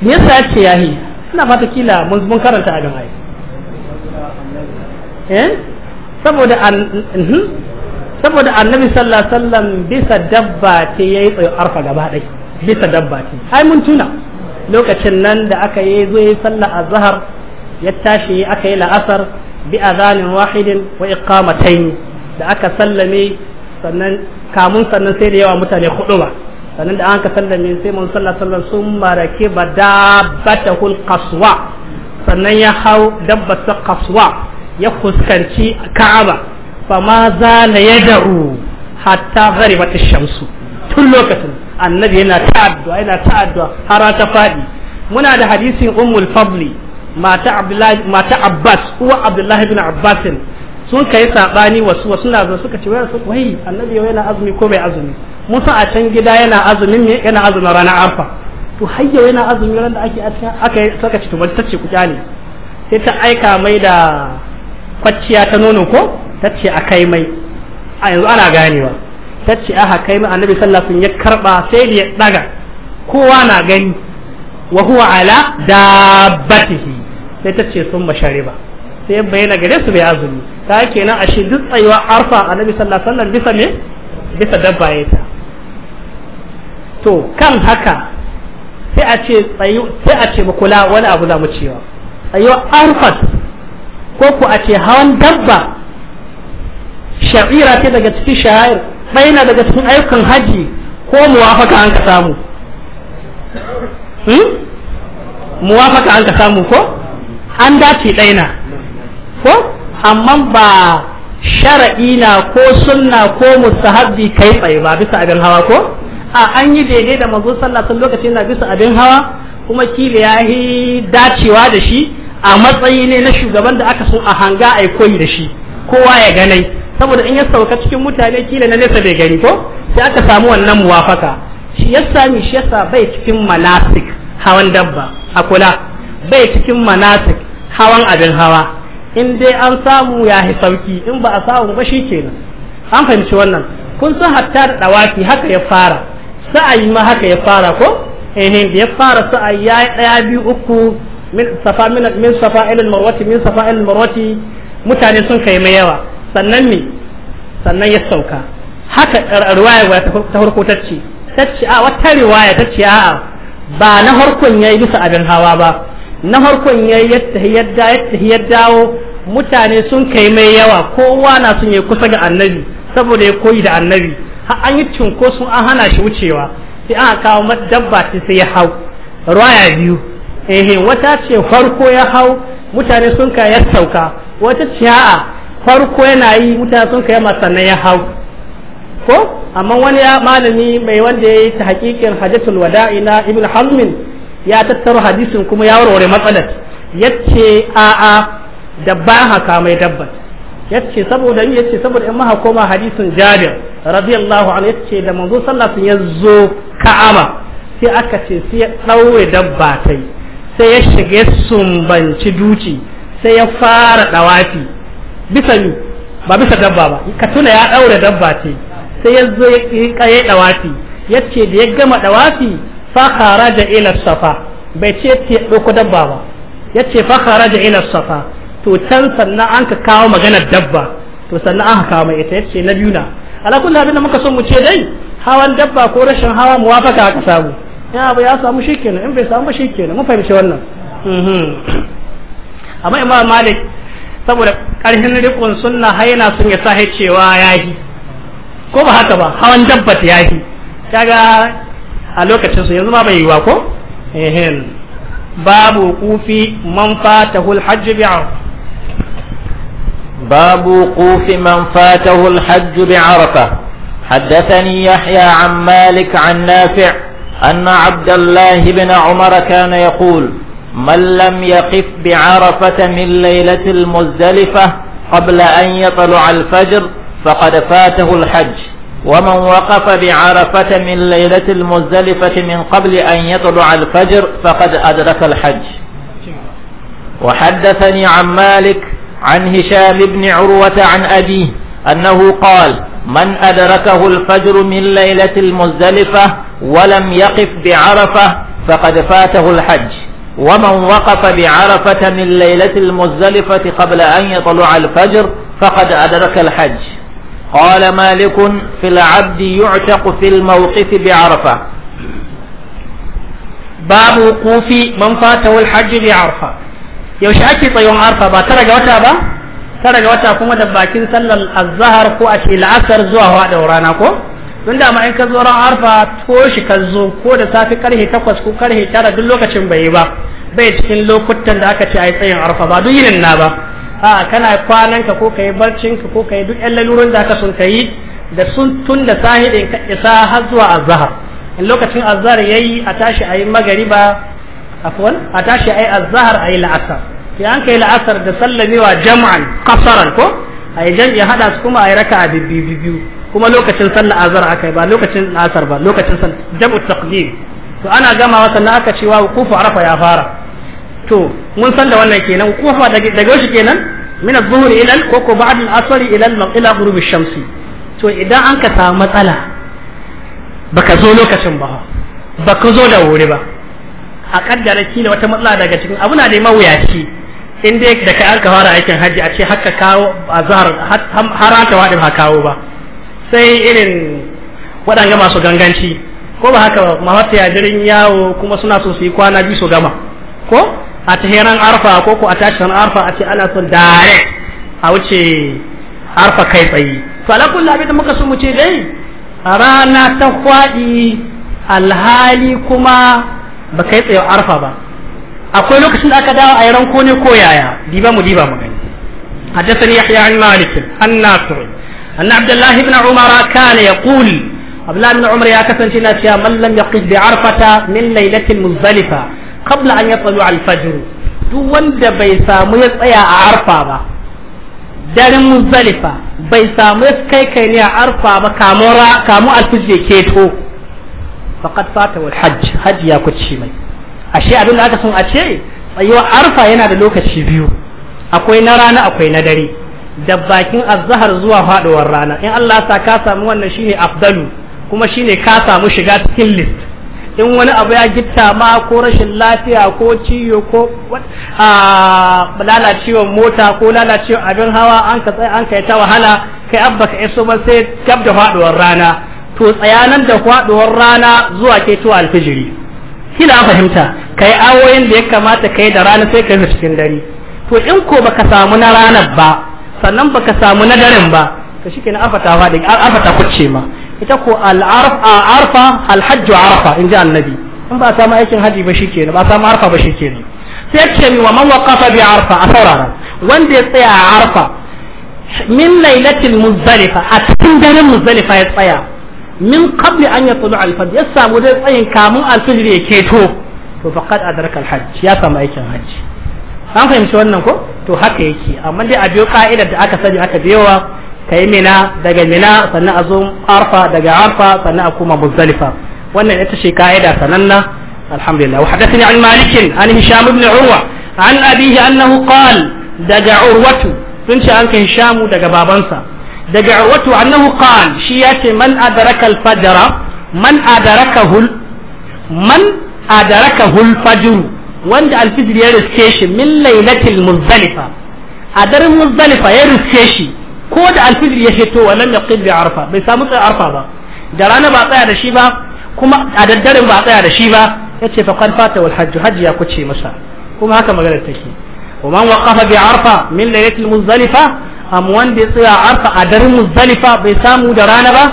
me yasa ya ce yahi ina fata kila mun mun karanta a eh saboda an mhm. saboda annabi sallallahu alaihi wasallam bisa dabba ce yayi tsayo arfa gaba dai bisa dabba ce ai mun tuna lokacin nan da aka yi zo yi sallah azhar ya tashi aka yi la'asar bi adhanin wahidin wa iqamatayn da aka sallame sannan kamun sannan sai da yawa mutane hudu ba sannan da an ka sallame sai mun sallah sallan sun maraki ba dabbatahul qaswa sannan ya hau dabbar kaswa ya fuskanci ka'aba fama zala yad'u hatta gharibat ash-shamsu tun lokacin annabi yana ta'addu'a yana ta'addu'a har ta fadi muna da hadisin ummul fadli mata abdullahi mata abbas uwa abdullahi ibn abbasin sun kai sabani wasu wasu na zo suka ce wai annabi yau yana azumi ko bai azumi musa a can gida yana azumin ne yana azumin ranar arfa to yau yana azumin ranar da ake aka saka ci ta tace ku kyale sai ta aika mai da kwacciya ta nono ko tace a kai mai a yanzu ana ganewa tace a kai mai annabi sallallahu alaihi wasallam ya karba sai da ya ɗaga kowa na gani wa huwa ala dabbatihi sai tace sun mashariba sai bayyana gare su bai azumi ta kenan ashe duk tsayuwa arfa nabi sallallahu alaihi wasallam bisa me bisa dabba ya ta to kan haka sai a ce tsayu sai a ce kula wani abu zamu cewa tsayuwa arfa ko ku a ce hawan dabba sha'ira ce daga cikin sha'ir bayyana daga cikin ayyukan haji ko muwafaka an ka samu hmm? muwafaka an ka samu ko an dace ɗaya na ko amma ba shar'i na ko sunna ko mustahabbi kai tsaye ba bisa abin hawa ko a an yi daidai da manzo sallallahu alaihi lokacin na bisa abin hawa kuma kila ya yi dacewa da shi a matsayi ne na shugaban da aka so a hanga a koyi da shi kowa ya ganai saboda in ya sauka cikin mutane kila na nesa bai gani ko sai aka samu wannan muwafaka shi ya sami shi yasa bai cikin manasik hawan dabba a kula bai cikin manasik hawan abin hawa in dai an samu ya yi sauki in ba a samu ba shi kenan an fahimci wannan kun san hatta da dawaki haka ya fara sa'ayi ma haka ya fara ko eh da ya fara sa'ayi ya yi daya biyu uku min safa min min safa ilal marwati min safa ilal marwati mutane sun kai mai yawa sannan ne sannan ya sauka haka riwaya ta farko tacce tacce a wata riwaya tacce a'a ba na harkon yayi bisa abin hawa ba na harkon ya yi yadda ya dawo mutane sun kai mai yawa kowa na sun yi kusa ga annabi saboda ya koyi da annabi ha an yi cunkoso an hana shi wucewa sai aka kawo dabba ta sai ya hau ruwaya biyu ehe wata ce farko ya hau mutane sun kai ya sauka wata ce a'a farko yana yi mutane sun kai masa na ya hau ko amma wani ya malami mai wanda ya yi ta hakikin hajjatul wada'i na ibn hazmin ya tattaro hadisin kuma ya warware matsalar yace a'a da ba haka mai ya yace saboda ni yace saboda in maha koma hadisin Jabir radiyallahu anhu yace da manzo sallallahu alaihi wasallam yazo Ka'aba sai aka ce sai ya daure dabba tai sai ya shige sumbanci duci sai ya fara dawafi bisa ni ba bisa dabba ba ka tuna ya daure dabba ce sai ya zo ya kaye dawafi yace da ya gama dawafi fa kharaja ila safa bai ce ya dauko dabba ba yace fa kharaja ila safa to can sannan an ka kawo maganar dabba to sannan an ka kawo mai ita yace na biyu na ala kullu abinda muka son mu ce dai hawan dabba ko rashin hawa muwafaka aka samu ya abu ya samu shikenan in bai samu ba shikenan mun fahimci wannan mhm. amma imam malik saboda karhin rikon sunna har yana son ya sahi cewa yahi ko ba haka ba hawan dabba ta yahi kaga a lokacin su yanzu ma bai yiwa ko babu kufi man fatahul hajj bi'a باب وقوف من فاته الحج بعرفة حدثني يحيى عن مالك عن نافع أن عبد الله بن عمر كان يقول من لم يقف بعرفة من ليلة المزدلفة قبل أن يطلع الفجر فقد فاته الحج ومن وقف بعرفة من ليلة المزدلفة من قبل أن يطلع الفجر فقد أدرك الحج وحدثني عن مالك عن هشام بن عروة عن أبيه أنه قال من أدركه الفجر من ليلة المزدلفة ولم يقف بعرفة فقد فاته الحج ومن وقف بعرفة من ليلة المزدلفة قبل أن يطلع الفجر فقد أدرك الحج قال مالك في العبد يعتق في الموقف بعرفة باب وقوف من فاته الحج بعرفة yaushe ake tsayuwar arfa ba tara ga wata ba tara ga wata kuma da bakin sallar azhar ko ashe la'asar zuwa da rana ko tun da in ka zo ran arfa ko shi ka zo ko da safi karhe takwas ko karhe tara duk lokacin bai yi ba bai cikin lokutan da aka ce a yi tsayin arfa ba duk yinin na ba a kana kwanan ka ko kai barcin ka ko kai duk yan lalurin da aka sun ka da sun tun da sahi din ka isa har zuwa azhar in lokacin azhar yayi a tashi a yi magariba afwan a tashi ai azhar ai la'asar sai an kai la'asar da sallamewa jam'an qasaran ko ai jam'i hada su kuma ai raka'a biyu biyu kuma lokacin sallar azhar akai ba lokacin la'asar ba lokacin sallar jam'u taqdim to ana gama gamawa sannan aka cewa wuqufu arafa ya fara to mun san da wannan kenan wuqufa daga daga shi kenan min az-zuhr ila ko ko ba'd al-asr ila ila ghurub ash-shamsi to idan an ka samu matsala baka zo lokacin ba baka zo da wuri ba a kaddara ne wata matsala daga cikin abuna dai mawuyaci in dai da kai an ka fara aikin hajji a ce haka kawo zahar har ta wadin ha kawo ba sai irin waɗanga masu ganganci ko ba haka mawata yajirin yawo kuma suna so su yi kwana biyu su gama ko a tahiran arfa ko ko a tashin arfa a ce ana son dare a wuce arfa kai tsaye to ala kullu abin da muka so mu ce dai rana ta kwaɗi alhali kuma ba kai tsaye arfa ba akwai lokacin da aka dawo a yaran ko ne ko yaya diba mu diba mu gani حدثني يحيى عن مالك عن نافع أن عبد الله بن عمر كان يقول عبد الله بن عمر يا كسنتنا يا من لم يقف بعرفة من ليلة مزدلفة قبل أن يطلع الفجر duk wanda bai samu ya tsaya a arfa ba daren muzdalifa bai samu ya kai kai ne a arfa ba kamu alfijir faqad fata wal hajj hajji ya kuce mai ashe abin da aka son a ce tsayuwa arfa yana da lokaci biyu akwai na rana akwai na dare da bakin azhar zuwa faduwar rana in Allah sa ka samu wannan shine afdalu kuma shine ka samu shiga cikin list in wani abu ya gitta ma ko rashin lafiya ko ciyo ko a lalacewar mota ko lalacewar abin hawa an ka tsaye an kai ta wahala kai abba ka iso ba sai gab da faduwar rana to tsayanan da kwaduwar rana zuwa ke tuwa alfijiri kina fahimta kai awoyin da ya kamata kai da rana sai kai cikin dare to in ko baka samu na ranar ba sannan baka samu na daren ba to shikenan afata fa da afata kucce ma ita ko al-arfa arfa al-hajju arfa in ji annabi in ba samu aikin haji ba shikenan ba samu arfa ba shikenan sai ce mi wa man waqafa bi arfa a saurara wanda ya tsaya a arfa min lailatul muzdalifa a cikin daren muzdalifa ya tsaya min qabli an yatlu al-fajr ya samu dai tsayin kamun al-fajr ya keto to faqad adraka al-hajj ya samu aikin hajji an fahimci wannan ko to haka yake amma dai a biyo ka'idar da aka sani aka biyowa kai mina daga mina sannan a zo arfa daga arfa sannan a koma muzdalifa wannan ita ce ka'ida sananna alhamdulillah wa hadathani an malik an hisham ibn urwa an abihi annahu qala daga urwatu sun ce an hishamu daga babansa daga urwatu annahu qal shi ya ce man adraka al-fajr man adrakahu man adrakahu al-fajr wanda al-fajr ya riske shi min lailatil muzdalifa a daren muzdalifa ya riske shi ko da al-fajr ya fito walam yaqid bi arfa bai samu tsaya arfa ba da rana ba tsaya da shi ba kuma a daddaren ba tsaya da shi ba yace fa qad fata wal hajj hajji ya kuce masa kuma haka magana take wa man waqafa bi arfa min lailatil muzdalifa amma wanda ya tsaya arfa a daren muzdalifa bai samu da rana ba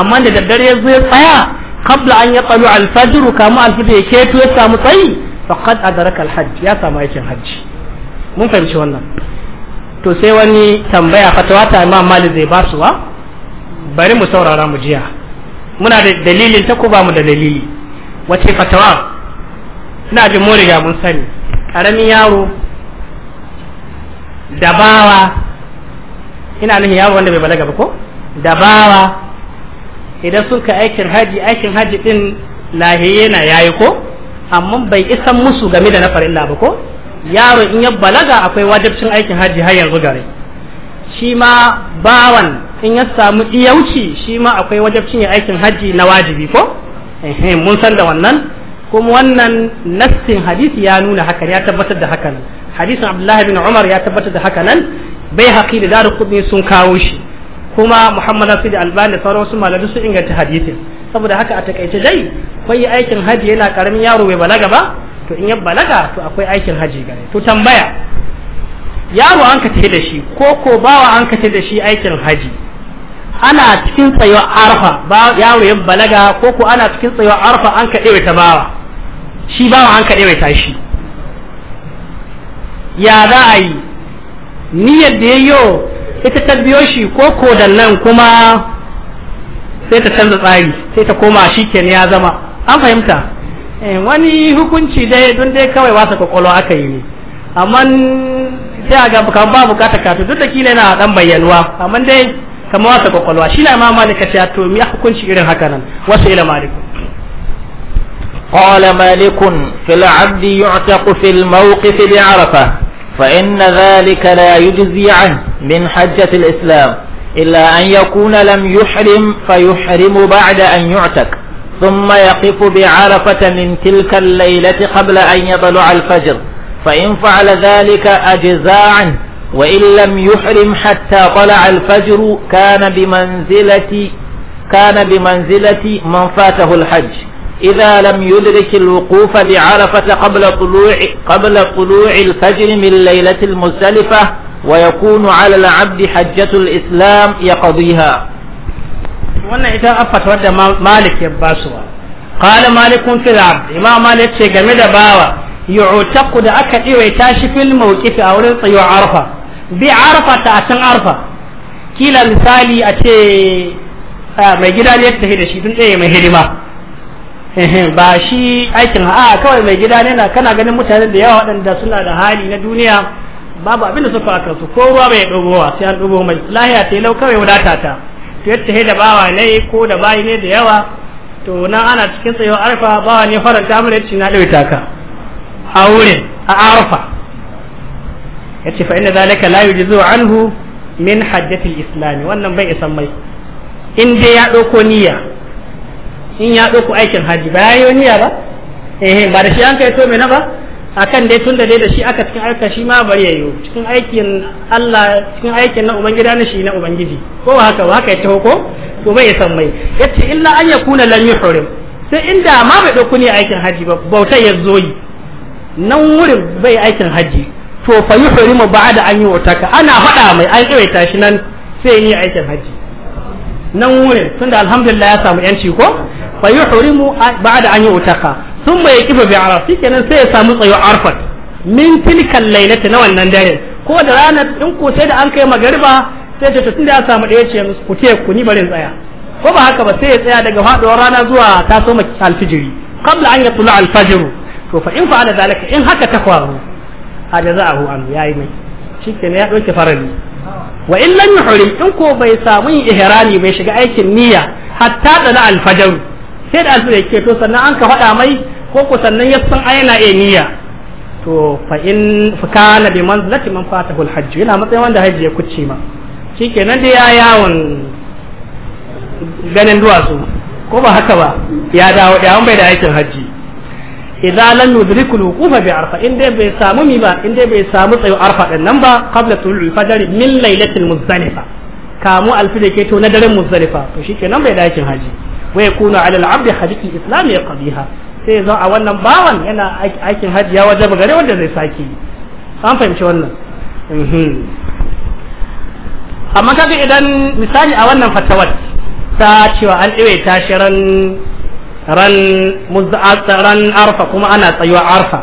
amma da daddare ya zo ya tsaya qabla an ya tsalu alfajr kamu alfajr ya keto ya samu tsayi faqad adraka alhajj ya samu aikin hajji mun fahimci wannan to sai wani tambaya fatawa ta imam malik zai basuwa bari mu saurara mu jiya muna da dalilin ta ko ba mu da dalili wace fatawa ina jin moriga ga mun sani karamin yaro dabawa ina nufin yaro wanda bai balaga ba ko da bawa idan sun ka aikin haji aikin haji din lahiye na yayi ko amma bai isan musu game da na illa ba ko yaro in ya balaga akwai wajibcin aikin haji har yanzu gare shi ma bawan in ya samu iyauci shi ma akwai wajibcin aikin haji na wajibi ko mun san da wannan kuma wannan nassin hadisi ya nuna hakan ya tabbatar da hakan hadisin abdullahi bin umar ya tabbatar da hakanan bai haƙi da daru kuɗi sun kawo shi kuma muhammad nasir albani da sauran wasu malamai sun inganta hadisin saboda haka a takaice dai akwai aikin haji yana karamin yaro bai balaga ba to in ya balaga to akwai aikin haji gare to tambaya yaro an kace da shi ko ko bawa an kace da shi aikin haji ana cikin tsayuwar arfa ba yaro ya balaga ko ko ana cikin tsayuwar arfa an ka ta bawa shi bawa an ka ta shi ya za a yi niyyar da yayyo ita ta biyo shi ko ko nan kuma sai ta canza tsari sai ta koma shi ya zama an fahimta eh, wani hukunci dai don dai kawai wasa kwakwalwa aka yi ne amma sai a ga ba bukata katu duk da kila yana dan bayyanuwa amma dai kama wasa kwakwalwa shi na imam ne ya to mi hukunci irin haka nan wasu ila malik قال مالك في العبد يعتق في الموقف بعرفه فإن ذلك لا يجزي عنه من حجة الإسلام إلا أن يكون لم يحرم فيحرم بعد أن يعتك ثم يقف بعرفة من تلك الليلة قبل أن يطلع الفجر فإن فعل ذلك أجزاء وإن لم يحرم حتى طلع الفجر كان بمنزلة كان بمنزلة من فاته الحج إذا لم يدرك الوقوف بعرفة قبل طلوع, قبل طلوع الفجر من ليلة المسلفة ويكون على العبد حجة الإسلام يقضيها وانا إذا أفت ودى مالك يباسوا قال مالك في العبد ما مالك سيقمد باوا يعتقد أكد إيوه تاشي في الموكف أولي طيو عرفة بعرفة أسن عرفة كلا مثالي أتي آه، ما ما يجدان يتهد شيء إيه ما ba shi aikin a kawai mai gida ne na kana ganin mutane da yawa waɗanda suna da hali na duniya babu abin da suka aka su ko ruwa bai dogowa sai an dogo mai lahiya ta lau kawai wadata ta to yadda da bawa ne ko da bayi ne da yawa to nan ana cikin tsayo arfa bawa ne faranta mu yace na ɗauki taka a wurin a arfa yace fa inna zalika la yujizu anhu min haddati islam wannan bai isan mai in dai ya dauko niyya in ya ɗauku aikin hajji ba ya yi wani ba ehe ba da shi an kai to me na ba akan dai tun da dai da shi aka cikin aika shi ma bari ya yi cikin aikin Allah cikin aikin na ubangida na shi na ubangiji ko ba haka ba haka ya taho ko to bai san mai yace illa an yakuna lam yuhrim sai inda ma bai dauku ne aikin haji ba bautai ya zo yi nan wurin bai aikin haji to fa yuhrimu ba'da an yu'taka ana faɗa mai an ta shi nan sai ni aikin haji nan wurin tunda alhamdulillah ya samu yanci ko fa yuhrimu ba'da an yu'taka thumma yaqifu bi araf shikenan sai ya samu tsayo arfat min tilkal lailati na wannan dare ko da ranar in ko sai da an kai magariba sai ta tunda ya samu daya ce ku te ku ni barin tsaya ko ba haka ba sai ya tsaya daga faduwar rana zuwa ta so taso alfijiri qabla an yatla alfajr to fa in fa'ala zalika in haka ta faru ajaza'ahu an yayi mai shikenan ya dauke farali wa in lam yuhrim in ko bai samu ihrami bai shiga aikin niyya hatta da alfajr sai da alfil ya to sannan an ka faɗa mai ko ko sannan ya san ai yana niyya to fa in kana bi manzilati man fatahul hajj yana matsayin wanda hajji ya kucce ma shikenan dai ya yawon ganin duwatsu ko ba haka ba ya dawo yawon bai da aikin hajji idza lam yudriku al-wuqufa bi arfa in dai bai samu mi ba in dai bai samu tsayo arfa din nan ba qabla tulul fajr min lailatil muzdalifa kamu alfi da ke to na daren muzdalifa to shikenan bai da aikin hajji wa yakunu ala al-abd hadithul islam ya sai zan a wannan bawan yana aikin hajiya wajen gare wanda zai saki an fahimci wannan mhm. amma kaga idan misali a wannan fatawar ta cewa an ɗewe ta ran ran ran arfa kuma ana tsayuwa arfa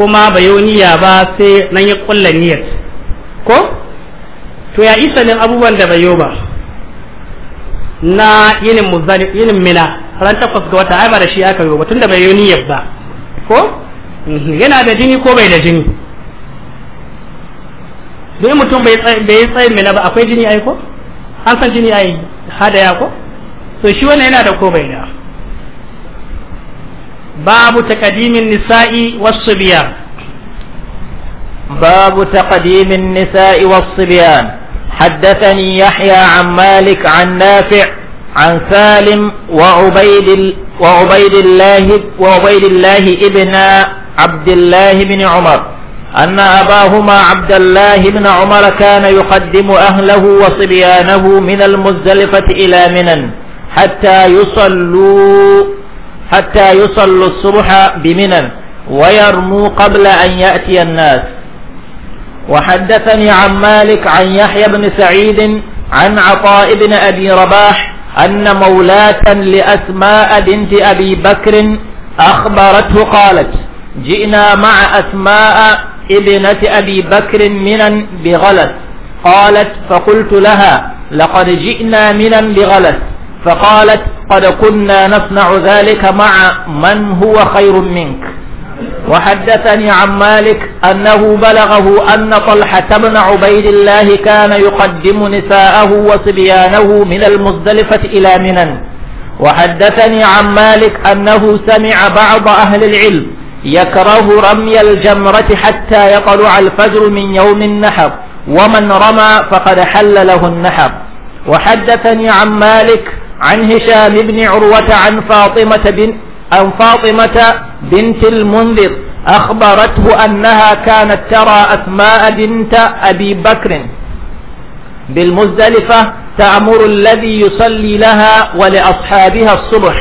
kuma bayoniya ba sai nan ya kulla niyyar ko to ya isa ne abubuwan da bayo ba na yinin muzani yinin mina ran takwas ga wata ai ba da shi aka yi ba tunda bai yi niyyar ba ko mhm, yana da jini ko bai da jini dai mutum bai yi tsayin mina ba akwai jini ai ko an san jini ai hadaya ko to shi wannan yana da ko bai da babu taqdimin nisa'i wasu biyar. babu taqdimin nisa'i wasu biyar. حدثني يحيى عن مالك عن نافع عن سالم وعبيد وعبيد الله وعبيد الله ابن عبد الله بن عمر أن أباهما عبد الله بن عمر كان يقدم أهله وصبيانه من المزدلفة إلى منى حتى يصلوا حتى يصلوا الصبح بمنى ويرموا قبل أن يأتي الناس وحدثني عن مالك عن يحيى بن سعيد عن عطاء بن أبي رباح أن مولاة لأسماء بنت أبي بكر أخبرته قالت جئنا مع أسماء ابنة أبي بكر منا بغلس قالت فقلت لها لقد جئنا منا بغلس فقالت قد كنا نصنع ذلك مع من هو خير منك وحدثني عن مالك أنه بلغه أن طلحة بن عبيد الله كان يقدم نساءه وصبيانه من المزدلفة إلى منن وحدثني عن مالك أنه سمع بعض أهل العلم يكره رمي الجمرة حتى يطلع الفجر من يوم النحر ومن رمى فقد حل له النحر وحدثني عن مالك عن هشام بن عروة عن فاطمة, بن أن فاطمة بنت المنذر أخبرته أنها كانت ترى أسماء بنت أبي بكر بالمزدلفة تأمر الذي يصلي لها ولأصحابها الصبح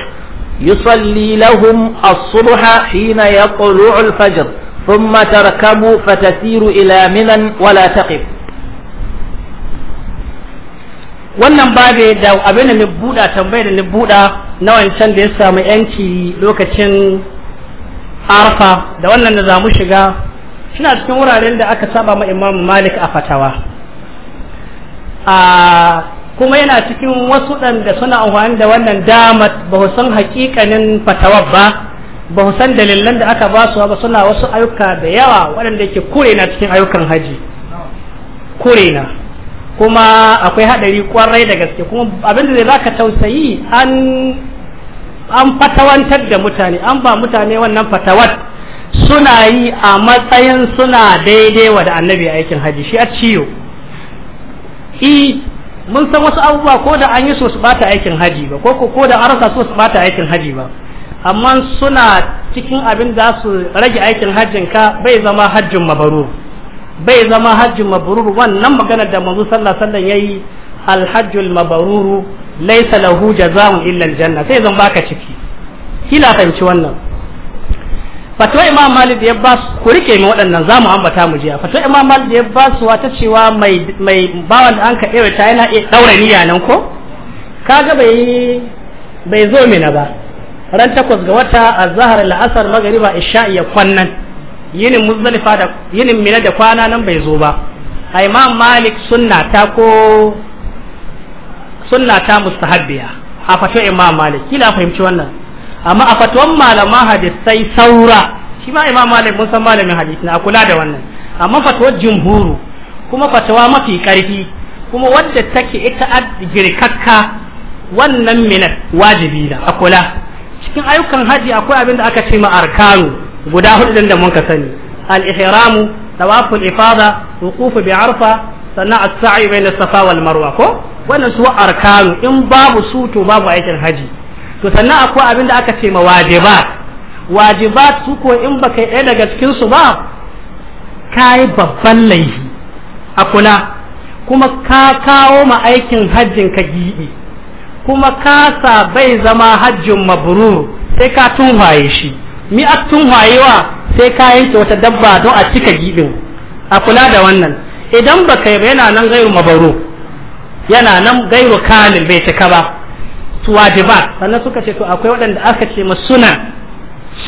يصلي لهم الصبح حين يطلع الفجر ثم تركب فتسير إلى منى ولا تقف wannan ba da abin da ni buɗa tambayar da ni buɗa na wancan da ya samu yanci lokacin arfa da wannan da za mu shiga suna cikin wuraren da aka saba ma imamu malik a fatawa a kuma yana cikin wasu ɗan da suna amfani da wannan damar ba san hakikanin fatawa ba ba san dalilan da aka su ba suna wasu ayyuka da yawa waɗanda ke kure na cikin ayyukan haji kure na kuma akwai hadari kwarai da gaske kuma abin da zaka tausayi an an fatawantar da mutane an ba mutane wannan fatawat suna yi a matsayin suna daidai wa da annabi aikin haji shi a ciyo i mun san wasu abubuwa ko da an yi so su bata aikin haji ba ko ko da an rasa so su bata aikin haji ba amma suna cikin abin da su rage aikin hajjin ka bai zama hajjin mabarur bai zama hajji mabrur wannan magana da manzo sallallahu alaihi wasallam yayi alhajjul mabrur laysa lahu jazaa'un illa aljanna sai zan baka ciki kila fahimci wannan fatwa imam malik ya ba su ku rike mi waɗannan zamu ambata mu jiya fatwa imam malik ya ba su wata cewa mai mai bawan da an ka ɗaure ta yana iya ɗaure niyya nan ko kaga bai bai zo mina ba ran takwas ga wata azhar al-asr magriba isha'i ya kwannan yinin muzdalifa da yinin mina da kwana nan bai zo ba a imam malik sunna ta ko sunna ta mustahabbiya a fato imam malik kila fahimci wannan amma a fatuwan malama sai saura shi ma imam malik mun san malamin hadisi na kula da wannan amma fatuwar jumhuru kuma fatuwa mafi karfi kuma wadda take ita girkakka wannan minat wajibi da a kula cikin ayyukan haji akwai abin da aka ce ma arkanu guda hudu da mun ka sani al-ihramu tawaful ifada wuqufu bi arfa sannan as-sa'i bayna safa wal marwa ko wannan su arkanu in babu su to babu aikin haji to sannan akwai abin da aka ce ma wajibat wajibat su ko in baka yi ɗaya daga cikin su ba kai babban laifi a kula kuma ka kawo ma aikin hajjin ka giɓi kuma ka sa bai zama hajjin mabrur sai ka tunhaye shi mi a tun wayewa sai ka yanke wata dabba don a cika gibin a kula da wannan idan ba kai ba yana nan gairu mabaro yana nan gairu kalil bai cika ba wajiba sannan suka ce to akwai waɗanda aka ce ma sunan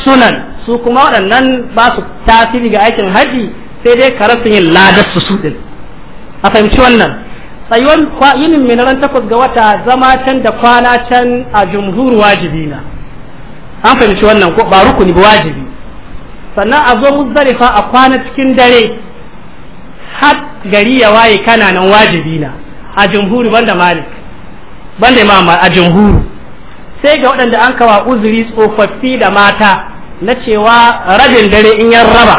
sunan su kuma waɗannan ba su tasiri ga aikin haji sai dai ka rasa yin ladar su su a fahimci wannan tsayuwar yinin minaran takwas ga wata zama can da kwana can a jumhur wajibi na an fahimci wannan ko ba rukuni ba wajibi sannan a zo muzdalifa a kwana cikin dare har gari ya waye kana nan wajibi na a jumhuri banda malik banda imam a jumhuri sai ga waɗanda an kawa uzuri tsofaffi da mata na cewa rabin dare in yan raba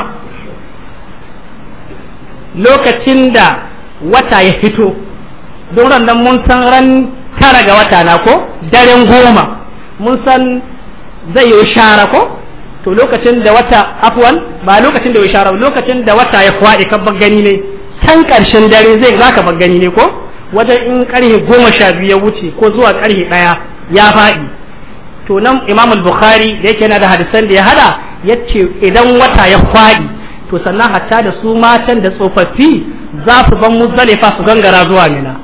lokacin da wata ya fito don ran mun san ran tara ga wata na ko daren goma mun san zai yi shara ko to lokacin da wata afwan ba lokacin da ya shara lokacin da wata ya kwaɗe ka gani ne can ƙarshen dare zai za ka ne ko wajen in ƙarfe goma sha biyu ya wuce ko zuwa ƙarfe ɗaya ya faɗi to nan imam bukhari da yake yana da hadisan da ya hada ya ce idan wata ya kwaɗi to sannan hatta da su matan da tsofaffi za su ban muzdalifa su gangara zuwa mina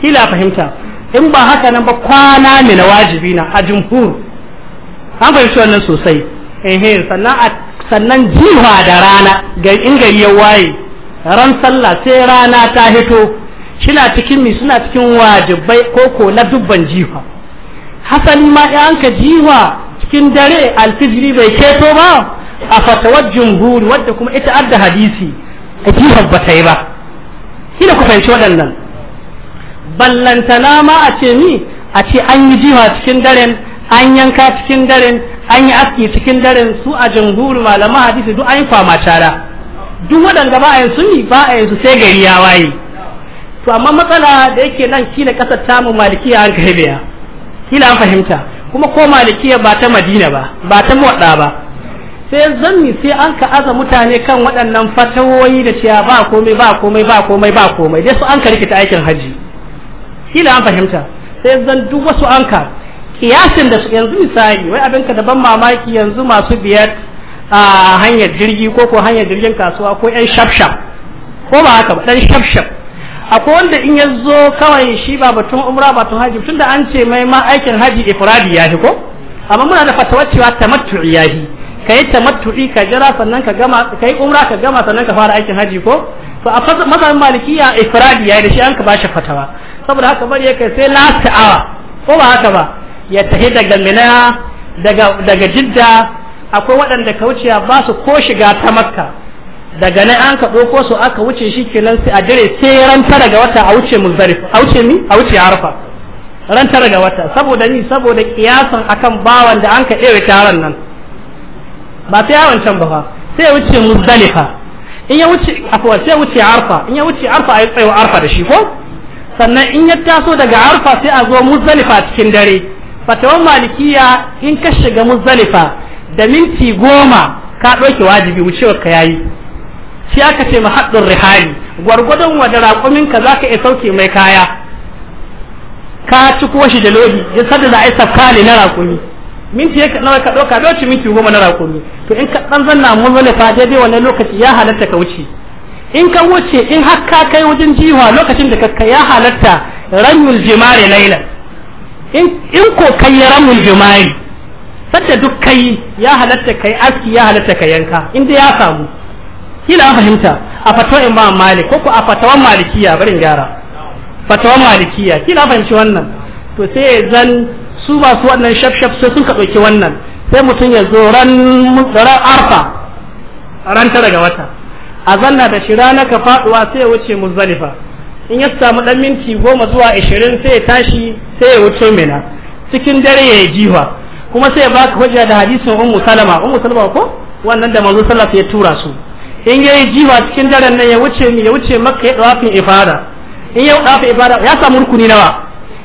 kila fahimta in ba haka nan ba kwana mina wajibi na a jumhur an fahimci wannan sosai ehe sannan a jiha da rana in gari ya waye ran sallah sai rana ta hito Shina cikin mi suna cikin wajibai ko na dubban jiha hasali ma an ka jiha cikin dare alfijiri bai keto ba a fatawar jumhur wadda kuma ita adda hadisi a jihar ba ta yi ba kina ku fahimci waɗannan ballantana ma a ce ni a ce an yi jiha cikin daren an yanka cikin daren an yi aski cikin daren su a jamhur malama hadisi duk an yi kwama tara duk waɗanda ba a yin su ba a su sai gari ya waye to amma matsala da yake nan kila kasar tamu malikiya an kai biya kila an fahimta kuma ko malikiya ba ta madina ba ba ta muwadda ba sai zanni sai an ka aza mutane kan waɗannan fatawoyi da cewa ba komai ba komai ba komai ba komai dai su an ka rikita aikin hajji kila an fahimta sai zan duk wasu an ka kiyasin da su yanzu misali wai abin ka daban mamaki yanzu masu biyar a hanyar jirgi ko ko hanyar jirgin kasuwa ko yan shafshaf ko ba haka ba dan shafshaf akwai wanda in ya zo kawai shi ba batun umra ba batun haji tun da an ce mai ma aikin haji ifradi ya ko amma muna da fatawar cewa tamattu'i ya yi ka yi tamattu'i ka jira sannan ka gama ka yi umra ka gama sannan ka fara aikin haji ko to a mazhabin malikiya ifradi ya yi da shi an ka bashi fatawa saboda haka bari ya kai sai last hour ko ba haka ba ya tahi daga mina daga daga jidda akwai waɗanda wuce ba su ko shiga ta makka daga nan an ka ɗauko su aka wuce shi nan sai a dire sai ran tara ga wata a wuce muzdalif a wuce mi a wuce arfa ran tara ga wata saboda ni saboda kiyasan akan bawan da an ka ɗewe taron nan ba sai yawan can ba fa sai ya wuce muzdalifa in ya wuce akwai sai wuce arfa in ya wuce arfa yi tsayo arfa da shi ko sannan in ya taso daga arfa sai a zo muzdalifa cikin dare fatawan malikiya in ka shiga muzalifa da minti goma ka ɗauke wajibi wucewar ka yayi shi aka ce mahaddin rihali gwargwadon wa da raƙumin ka zaka iya sauke mai kaya ka ci kuwa shi da lodi ya sadda za a yi safkali na raƙumi minti ya nawa ka ɗauka ɗauki minti goma na raƙumi to in ka ɗan zanna muzalifa daidai wannan lokaci ya halatta ka wuce in ka wuce in har ka kai wajen jiwa lokacin da ka ya halatta ranyul jimare lailan in ko kai ya ramul jimari sadda duk kai ya halatta kai aski ya halatta kai yanka inda ya samu kila fahimta a fatawa imam malik ko a fatawa malikiya barin gyara fatawa malikiya kila fahimci wannan to sai zan su ba su wannan shafshaf sai sun ka dauki wannan sai mutum ya zo ran arfa ran tara ga wata a zanna da shi rana ka faduwa sai ya wuce muzalifa in ya samu dan minti goma zuwa ishirin sai ya tashi sai ya wuce mina cikin dare ya jiwa kuma sai ya baka hujja da hadisin ummu salama ummu salama ko wannan da manzo sallallahu ya tura su in ya yi jiwa cikin daren nan ya wuce mi ya wuce makka ya dawafin ifada in ya dawafin ifada ya samu rukuni nawa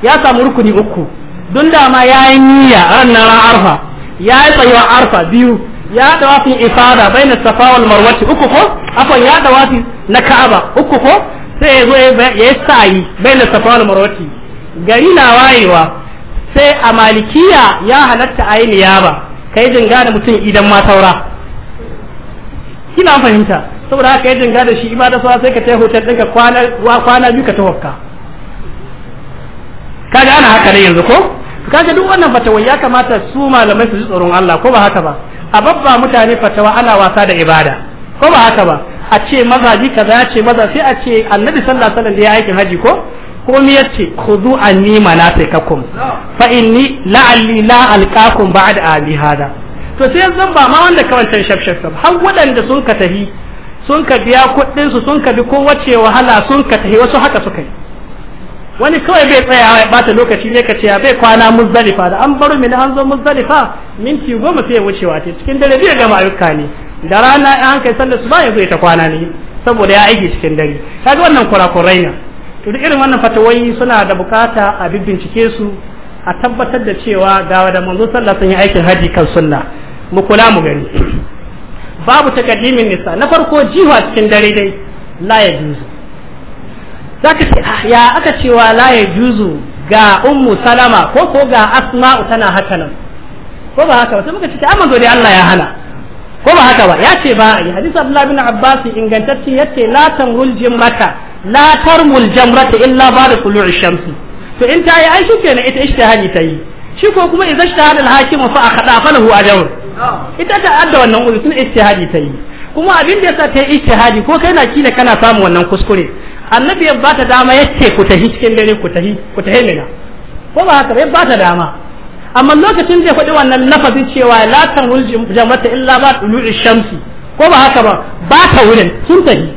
ya samu rukuni uku don da ma ya yi niyya ran na arfa ya yi tsayuwa arfa biyu ya dawafin ifada bayna safa wal marwa uku ko afan ya dawafi na ka'aba uku ko sai ya zo ya yi sa'i bai na safa marwati gari na wayewa sai a malikiya ya halatta a yi niyaba ka yi jinga da mutum idan ma saura kina fahimta saboda haka ya jinga da shi ibada saura sai ka yi hotel ɗinka kwana biyu ka ta tawakka kaga ana haka ne yanzu ko kaga duk wannan fatawa ya kamata su malamai su ji tsoron Allah ko ba haka ba a babba mutane fatawa ana wasa da ibada ko ba haka ba a ce mazaji kaza ya ce maza sai a ce annabi sallallahu alaihi wasallam da ya aikin haji ko ko mi yace khudu anni manasikakum fa inni la'alli la alqakum ba'da ami hada to sai zan ba ma wanda kawancan shafshaf har waɗanda sun ka tahi sun ka biya kuɗin su sun ka bi kowace wahala sun ka tahi wasu haka suka yi wani kawai bai tsayawa ya bata lokaci ne ka ce bai kwana muzdalifa da an baro mini an zo muzdalifa minti goma sai ya wucewa ce cikin dare zai gama ayyuka ne da rana an kai sallar su ba ya zo ta kwana ne saboda ya aiki cikin dare kaga wannan kurakurai ne to duk irin wannan fatawai suna da bukata a bincike su a tabbatar da cewa ga da manzo sallah sun yi aikin haji kan sunna mu kula mu gani babu takaddimin nisa na farko jiwa cikin dare dai la ya juzu zaka ce ah, ya aka cewa la ya juzu ga ummu salama ko ko ga asma'u tana haka nan ko ba haka ba sai muka ce amma dole Allah ya hana ko ba haka ba ya ce ba a yi hadisi abdullahi bin abbas ingantacce yace la tamrul mata la tarmul jamrata illa ba'da tulu'i shamsi to in ta yi ai shikenan ita ijtihadi ta yi shi ko kuma idza ijtihada al-hakim fa akhada falahu ajr ita ta adda wannan uzuri tun ijtihadi ta yi kuma abin da yasa ta yi ijtihadi ko kai na kila kana samun wannan kuskure annabi ya ta dama yace ku tahi cikin dare ku tahi ku tahi mina ko ba haka ba ya dama amma lokacin zai faɗi wannan lafazin cewa la tanul jama'ata illa ba tulu'i shamsi ko ba haka ba ba ta wurin sun tafi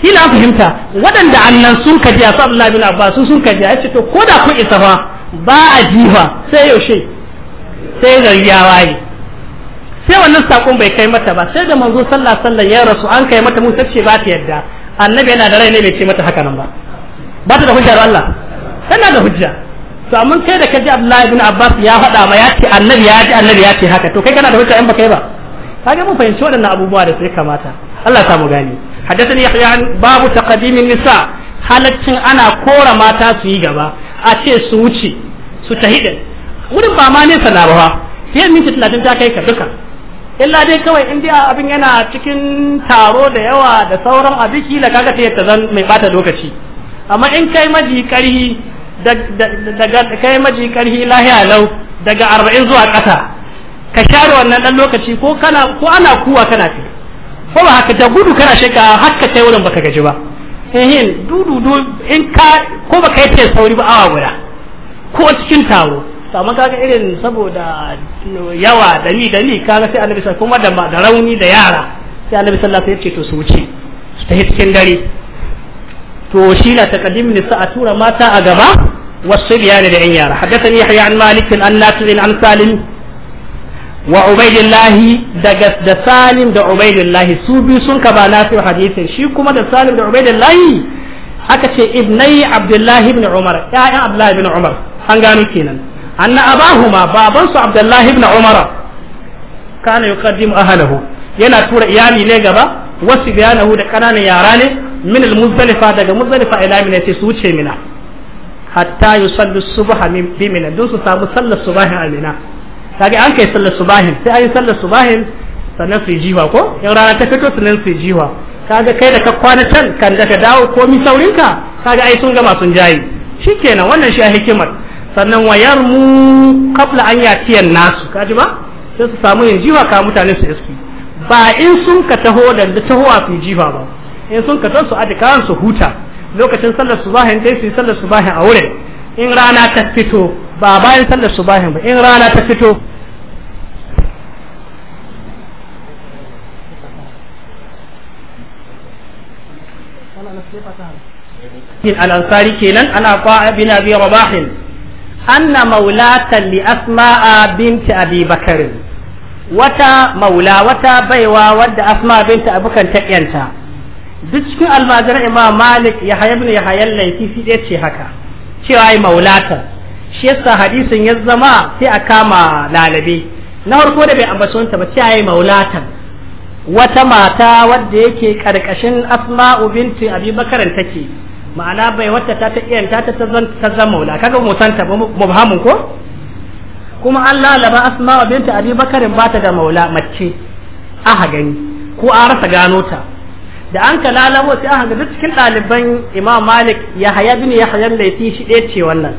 kila na fahimta waɗanda annan sun kaji a sallallahu bin abbas sun kaji ya ce to ko da ku isa fa ba a jifa sai yaushe sai gari waye sai wannan sakon bai kai mata ba sai da manzo sallallahu sallallahu ya rasu an kai mata musa ce ba ta yadda annabi yana da rai ne bai ce mata haka nan ba ba ta da hujjar Allah tana da hujja to amma kai da kaji Abdullahi ibn Abbas ya faɗa ma ya ce annabi ya ji annabi ya ce haka to kai kana da hujja in ba kai ba kage mun fahimci waɗannan abubuwa da sai kamata Allah ya samu gani haddathani yahya babu taqdimin nisa halaccin ana kora mata su yi gaba a ce su wuce su ta hidin wurin ba ma nesa na ba fiye minti talatin ta kai ka duka illa dai kawai in abin yana cikin taro da yawa da sauran abiki da kaga ta yadda zan mai bata lokaci amma in kai maji karhi daga kai maji karhi lahiya lau daga arba'in zuwa ƙasa ka share wannan ɗan lokaci ko kana ko ana kuwa kana fi ko ba haka ta gudu kana ka haka kai wurin baka gaji ba ehin dudu in ka ko baka yi ta sauri ba awa guda ko cikin taro amma kaga irin saboda yawa da ni da ni kaga sai annabi sallallahu kuma da rauni da yara sai annabi sallallahu alaihi wasallam ya ce to su wuce su tafi cikin dare to shi na taqaddim ni sa'a tura mata a gaba والصبيان لأن يارا حدثني يحيى عن مالك عن نافع عن سالم وعبيد الله دقس دا سالم دا عبيد الله سوبي سن كبا نافع حديث شي كما دا سالم دا عبيد الله aka ce ibnai abdullahi ibn umar ya'yan abdullahi ibn umar an gano kenan anna abahuma baban su abdullahi ibn umar kana yuqaddim ahlahu yana tura iyali ne gaba wasu biyanahu da ƙananan yara ne min al-muzdalifa daga muzdalifa ila mina sai su wuce mina hatta yusallu subha min bi mina don su samu sallar subahin a mina kage an kai sallar subahin sai an yi sallar subahin sannan su yi jiwa ko yau rana ta fito sannan su yi jiwa kaga kai da ka kwana can kan da ka dawo ko komi saurinka kaga ai sun gama sun jayi shikenan wannan shi a hikimar sannan wayar mu kabla an yatiyan nasu kaji ba sai su samu yin jiwa ka mutane su iski ba in sun ka taho da taho a su jiwa ba in sun ka taho su adikaran su huta lokacin sallar subahin dai su yi sallar subahin a wurin in rana ta fito ba bayan sallar subahin ba in rana ta fito kenan ana bin abi anna maulata li asma'a binti abi wata maula wata baiwa wadda asma binti abukan ta yanta duk cikin almajiran imam malik ya haya ibn yahya laifi fi ce haka cewa ai maulatan shi yasa hadisin ya zama sai a kama lalabe na farko da bai ambaci wanta ba cewa ai maulatan wata mata wadda yake karkashin asma'u binti abi take ma'ana bai wata ta ta iyan ta ta zan ta zan maula kaga musanta mubhamun ko kuma an lalaba asma'u binti abi bakarin ba ta da maula mace aha gani ko an rasa gano ta da an ka lalabo sai an ga duk cikin ɗaliban imam malik ya haya bin ya haya laifi shi ɗaya ce wannan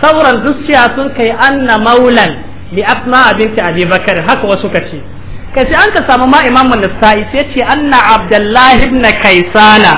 sauran duk sun kai anna maulan li asma binti abi bakar haka wasu ka ce kai sai an ka samu ma imam an-nasa'i sai ce anna abdullahi ibn kaisana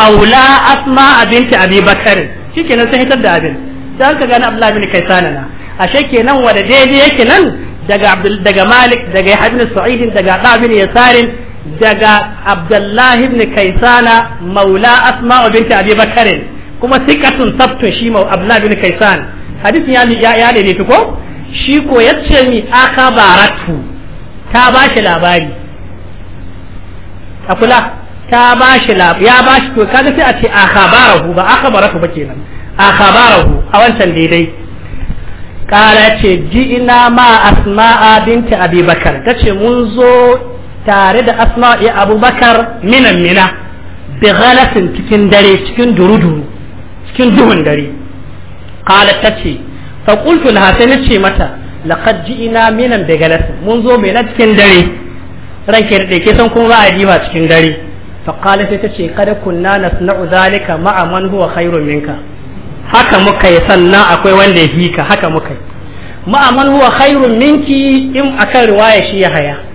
maula asma binti abi bakar shikenan sai hitar da abin sai an ka gani abdullahi ibn kaisana na ashe kenan wanda daidai yake nan daga daga malik daga ibn sa'id daga da ibn yasarin daga abdullahi ibn kaisana maula wa binti abi bakarin kuma sikatun sabtun shi ma abdullahi ibn kaisan hadisin ya ya ya ne ko shi ko yace mi aka baratu ta bashi labari akula ta bashi labari ya bashi to kaga sai a ce akhbarahu ba akhbarahu ba kenan akhbarahu a wancan daidai kara ce ji ina ma asma'a binti abi bakar tace mun zo tare da asma'i abubakar minan mina bi ghalatin cikin dare cikin duruduru cikin duhun dare qala tace fa qultu laha sai nace mata laqad ji'ina minan bi ghalatin mun zo mai na cikin dare ranke da ke san kuma ba a diba cikin dare fa sai tace kada kunna nasna'u zalika ma'a man huwa khairun minka haka muka yi sannan akwai wanda ya ka haka muka yi man huwa khairun minki in akan riwaya shi ya haya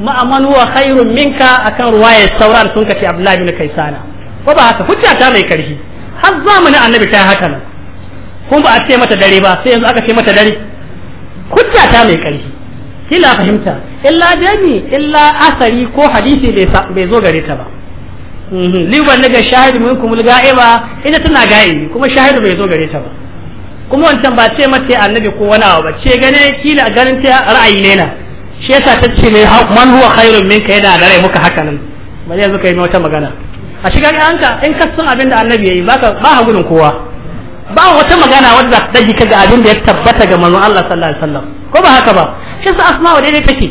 ma amman huwa khairun minka akan ruwayar sauran sun kace abdullahi bin kaisana ko ba haka hujja ta mai karfi har zamanin annabi ta haka nan kun ba a ce mata dare ba sai yanzu aka ce mata dare hujja ta mai karfi kila fahimta illa dani illa asari ko hadisi bai zo gare ta ba mhm. liban daga shahidu mun kuma ga'iba ita tana ga'ibi kuma shahidu bai zo gare ta ba kuma wancan ba ce mata annabi ko wani abu ba ce gane kila ganin ta ra'ayi ne na shi yasa ta ce mai man huwa khairun minka yana da rai muka haka nan bari yanzu kai wata magana a shiga ka in ka san abin da annabi yayi baka ba ha gudun kowa ba wata magana wadda ta daji ka ga abin da ya tabbata ga manzon Allah sallallahu alaihi wasallam ko ba haka ba shi yasa asma'u daidai take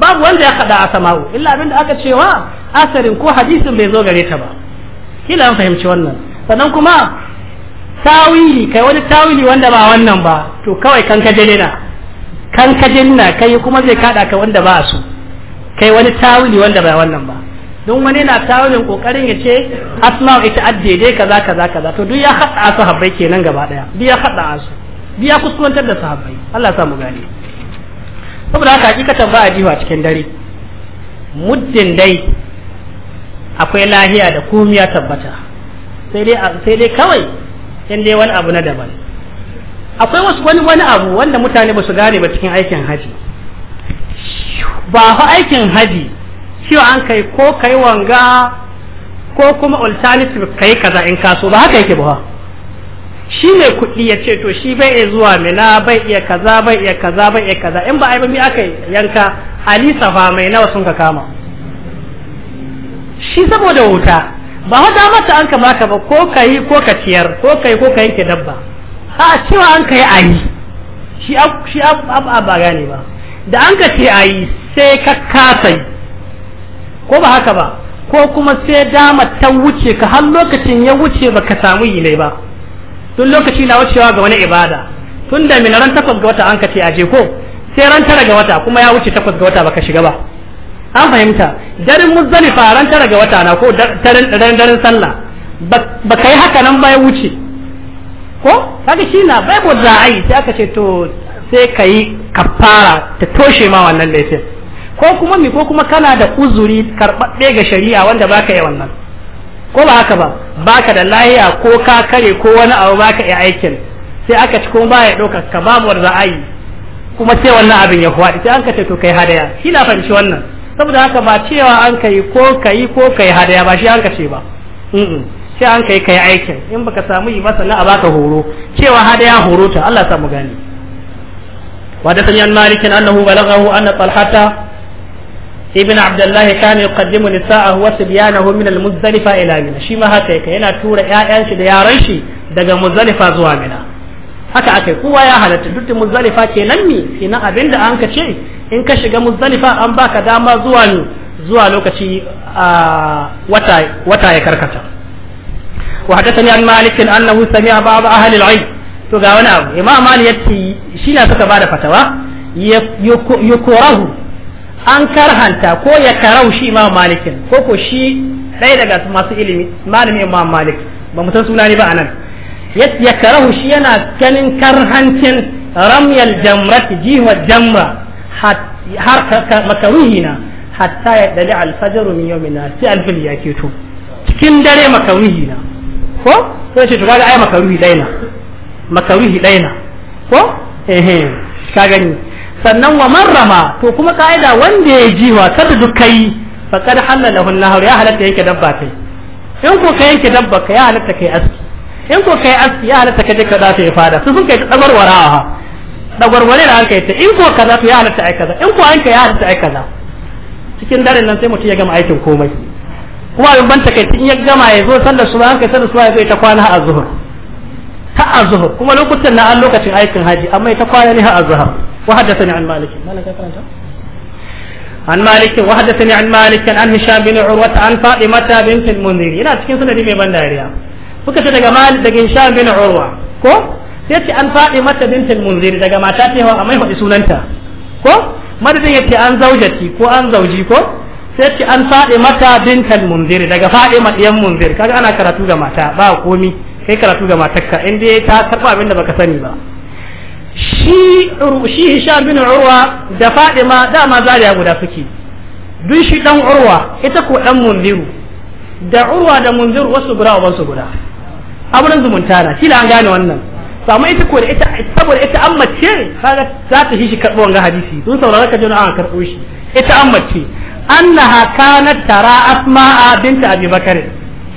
babu wanda ya kada asma'u illa abin da aka cewa asarin ko hadisin bai zo gare ta ba kila an fahimci wannan sannan kuma tawili kai wani tawili wanda ba wannan ba to kawai kan ka na kan ka dinna kai kuma zai kada ka wanda ba su kai wani tawuli wanda ba wannan ba don wani na tawulin kokarin ya ce asma ita dai kaza kaza kaza to duk ya hada su habbai kenan gaba daya duk ya hada su duk ya kuskurantar da sahabbai Allah ya mu gane saboda haka hakikatan ba a jiwa cikin dare muddin dai akwai lahiya da komiya tabbata sai dai kawai in dai wani abu na daban akwai wasu wani wani abu wanda mutane ba su gane ba cikin aikin haji ba fa aikin haji cewa an kai ko kai wanga ko kuma alternative kai kaza in kaso ba haka yake ba shi ne kuɗi ya ce to shi bai iya zuwa mina bai iya kaza bai iya kaza bai iya kaza in ba ai ba mi aka yanka ali safa mai nawa sun ka kama shi saboda wuta ba haɗa mata an kamata ba ko ka yi ko ka ciyar ko ka ko ka yanke dabba a cewa an kai ayi shi shi ba gane ba da an ka ce ayi sai ka kasai ko ba haka ba ko kuma sai dama ta wuce ka har lokacin ya wuce ba ka samu yi ne ba tun lokaci na wucewa ga wani ibada tun da minaran ran takwas ga wata an ka ce je ko sai ran tara ga wata kuma ya wuce takwas ga wata baka shiga ba an fahimta darin muzdalifa ran tara ga wata na ko darin sallah ba ka yi haka nan ba ya wuce ko kaga shi na bai mu za ai sai aka ce to sai ka yi kafara ta toshe ma wannan laifin ko kuma mi ko kuma kana da uzuri karɓaɓɓe ga shari'a wanda baka yi wannan ko ba haka ba baka da lahiya ko ka kare ko wani abu baka yi aikin sai aka ci kuma baya ɗauka ka babu wanda za kuma sai wannan abin ya faɗi sai an kace ce to kai hadaya shi na fahimci wannan saboda haka ba cewa an kai ko kai ko kai hadaya ba shi an ka ce ba sai an kai kai aikin in baka samu yi masa na a baka horo cewa hada ya horo ta Allah samu gani وحدثني malikin annahu انه anna talhata ibn abdullah عبد a nisa'ahu wa نساءه min al-muzdalifa ila mina shi ma haka yake yana tura ƴaƴan shi da yaran shi daga muzdalifa zuwa mina haka akai kowa ya halatta duk da muzdalifa kenan ne ina abinda an ka ce in ka shiga muzdalifa an baka dama zuwa zuwa lokaci wata wata ya karkata وحدثني عن مالك أنه سمع بعض أهل العلم تقاونا أبو إمام مالك شينا تكبار فتوى يكره an karhanta ko ya karau shi imam malikin ko ko shi ɗaya daga masu ilimi malami imam malik ba san suna ne ba anan ya karahu shi yana ganin karhancin ramyal jamrati jiwa jamra har makawihina hatta ya dali alfajaru min yawmin nas sai alfil ya keto cikin dare makawihina. ko sai ce to kaga ai makaruhi daina makaruhi daina ko ehe ka gani sannan wa marrama to kuma ka'ida wanda ya ji wa kada duk kai faqad halala lahu ya halatta yanke dabba kai in ko ka yanke dabba ka ya halatta kai aski in ko kai aski ya halatta ka je ka za yi fada su sun kai ta dagwarwarawa dagwarware da aka yi ta in ko kaza to ya halatta ai kaza in ko an kai ya halatta ai kaza cikin daren nan sai mutum ya gama aikin komai kuma abin ban takaici in ya gama ya zo sallar su bayan kai sallar su ya zo ita kwana a zuhur ta a zuhur kuma lokutan na an lokacin aikin haji amma ita kwana ne a zuhur wa haddasa ni an maliki an maliki wa haddasa ni an maliki an عن bin urwa ta an faɗi mata bin بنت munziri yana cikin sanadi mai ban dariya suka ce daga malik daga hisham bin urwa ko sai ce an faɗi mata bin bintul munziri daga mata ta yawa amma ya faɗi sunanta ko madadin yace an zaujati ko an zauji ko sai ce an faɗi mata bintan munzir daga faɗi maɗiyan munzir kaga ana karatu ga mata ba komi kai karatu ga ka inda ya ta karɓa abin da baka sani ba shi shi hisham bin urwa da faɗi ma dama zariya guda suke duk shi dan urwa ita ko dan munziru da urwa da munziru wasu guda wasu guda abun zumunta na kila an gane wannan amma ita ko da ita saboda ita an mace kaga za ta shi shi karɓo wanga hadisi sun saurara ka jin an karɓo shi ita an mace annaha kanat tara asma'a binta abi bakar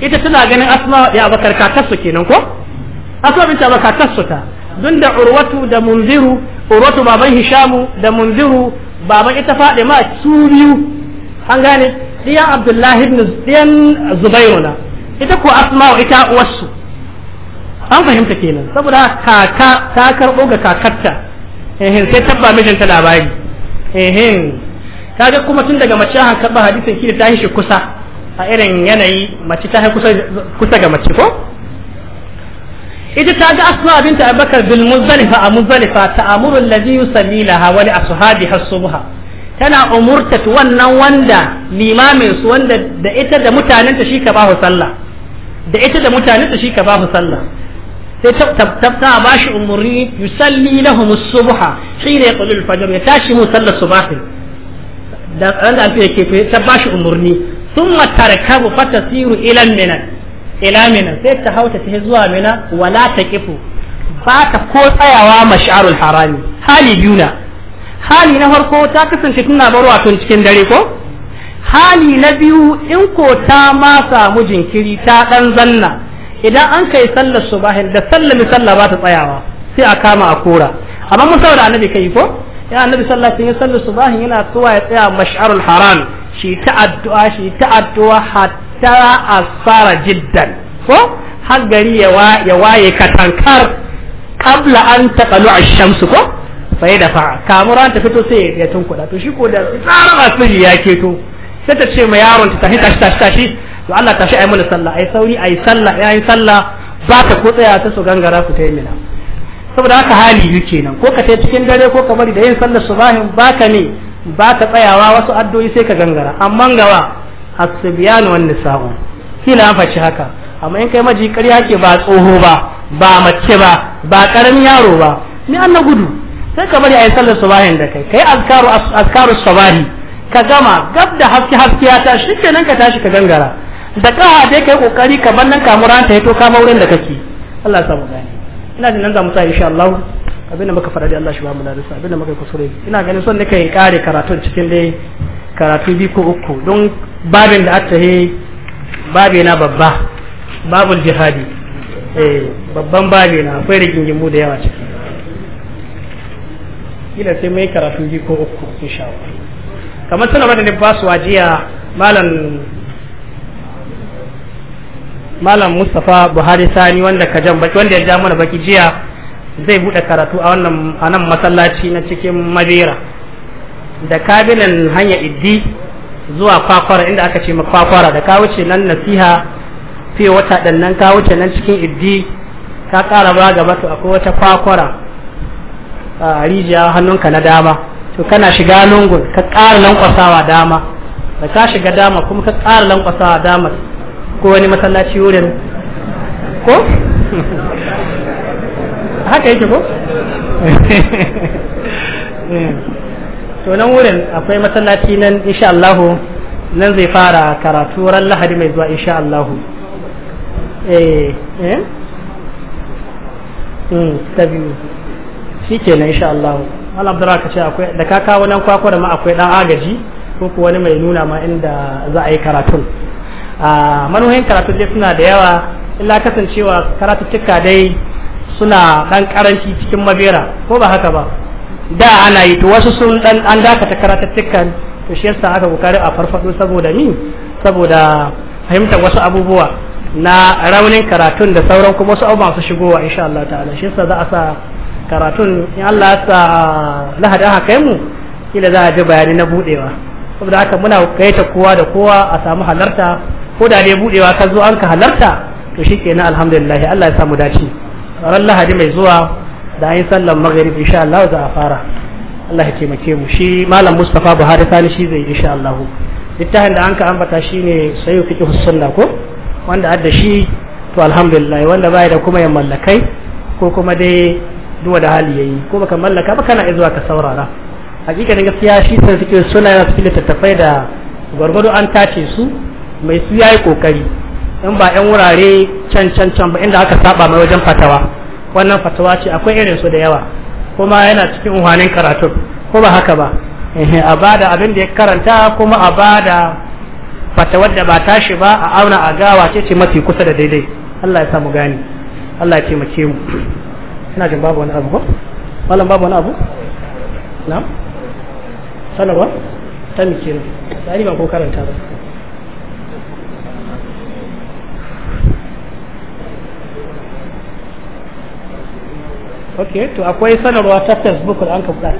ita tana ganin asma ya bakar tasu kenan ko asma binta bakar tasu ta don da urwatu da munziru urwatu baban hishamu da munziru baban ita ma su biyu an gane diya abdullahi ibn diyan zubairu na ita ko asma ita wasu an fahimta kenan saboda kaka ta karbo ga kakarta eh sai tabba mijinta labari eh kaga kuma tun daga mace an karba hadisin shi ta shi kusa a irin yanayi mace ta kusa kusa ga mace ko ita ta ga asma binta abubakar bil muzdalifa a muzdalifa ta amuru allazi yusalli laha wa li ashabiha subha tana umurta wannan wanda limamin su wanda da ita da mutanen ta shi ka ba sallah da ita da mutanen ta shi ka ba sallah sai ta ba shi umurni yusalli lahum subha hina yaqulu al fajr ya tashi mu sallar subahi da wanda an fiye kefe ta bashi umurni kabu fata siru ilan mina ila mina sai ta hauta ta zuwa mina wala ta kifu ba ta ko tsayawa mash'arul harami hali biyu hali na farko ta kasance tana barwa tun cikin dare ko hali na biyu in ko ta ma samu jinkiri ta dan zanna idan an kai sallar subahin da sallar misalla ba ta tsayawa sai a kama a kora amma mun saboda annabi kai ko ya annabi sallallahu alaihi wasallam subahin yana tuwa ya tsaya mash'arul haram shi ta addu'a shi ta addu'a hatta asfara jiddan ko har gari ya waye katankar kabla an taqalu ash-shams ko fa ya dafa kamuran ta fito sai ya tunkuda to shi ko da tsara asiri ya keto sai ta ce ma yaron ta tafi tashi tashi tashi to Allah tashi ayi mana sallah ayi sauri ayi sallah ayi sallah ba ta ko tsaya ta su gangara su taimina saboda haka hali yi kenan ko ka tafi cikin dare ko ka bari da yin sallar subahin baka ne baka tsayawa wasu addu'o'i sai ka gangara amma gawa as-sibyan wan nisa'u kila an faci haka amma in kai maji ƙarya ke ba tsoho ba ba mace ba ba karamin yaro ba ni an na gudu sai ka bari a yi sallar subahin da kai kai azkaru azkaru subahi ka gama gab da haske haske ya tashi kenan ka tashi ka gangara da ka dai kai kokari ka nan kamuranta ya to kama wurin da kake Allah ya samu gani ina jin nan za mu sa insha Allah abinda muka fara da Allah shi ba mu darasa abinda muka kusure ina ganin son nake yi kare karatun cikin dai karatu bi ko uku don babin da aka he babe na babba babul jihadi eh babban babe na akwai mu da yawa ciki ina sai mai karatu bi ko uku insha Allah kamar suna da ne ba su wajiya malam malam Mustapha Buhari Sani wanda ka jan baki wanda ya ja mana baki jiya zai bude karatu a wannan a nan masallaci na cikin madira da kabilan hanya iddi zuwa kwakwara inda aka ce kwakwara da ka wuce nan nasiha fiye wata ɗan nan ka wuce nan cikin iddi ka ƙara ba gaba to akwai wata kwakwara a rijiya hannunka na dama to kana shiga lungun ka ƙara lankwasawa dama da ka shiga dama kuma ka ƙara lankwasawa dama ko wani masallaci wurin ko haka yake ko to nan wurin akwai masallaci nan insha Allah nan zai fara karatu ran lahadi mai zuwa insha Allah eh eh mm tabiu shikenan insha Allah wala abdurrahman ce akwai da ka kawo nan kwakwa ma akwai dan agaji ko wani mai nuna ma inda za a yi karatun a manuhin karatu dai suna da yawa illa kasancewa karatuttuka dai suna dan karanci cikin mabera ko ba haka ba da ana yi to wasu sun dan an dakata karatuttukan to shi yasa aka bukari a farfado saboda ni saboda fahimtar wasu abubuwa na raunin karatun da sauran kuma wasu abubuwa su shigowa insha Allah ta'ala shi yasa za a sa karatun in Allah ya sa ah, lahadi aka kai mu kila za a ji bayani na budewa saboda haka muna kaita kowa da kowa a samu halarta ko da ne budewa ka zo an ka halarta to shi kenan alhamdulillah Allah ya samu dace ran lahadi mai zuwa da an yi sallar maghrib insha Allah za a fara Allah ya taimake mu shi malam Mustafa Buhari Sani shi zai insha Allah littafin da an ka ambata shine sayu fiqh sunna ko wanda adda shi to alhamdulillah wanda bai da kuma ya mallakai ko kuma dai duwa da hali yayi ko baka mallaka ba kana zuwa ka saurara hakikanin gaskiya shi sai suke suna yana suke tattafai da gwargwado an tace su mai su ya yi kokari in ba yan wurare can can can ba inda aka saba mai wajen fatawa wannan fatawa ce akwai irin su da yawa kuma yana cikin uhanin karatu ko ba haka ba a ba da abin da ya karanta kuma a ba da fatawar da ba tashi ba a auna a gawa ce ce mafi kusa da daidai Allah ya samu gani Allah ya taimake mu ina jin babu wani abu malam babu wani abu ta mike ba ko karanta ba ok to akwai sanarwa ta facebook da an ka buɗa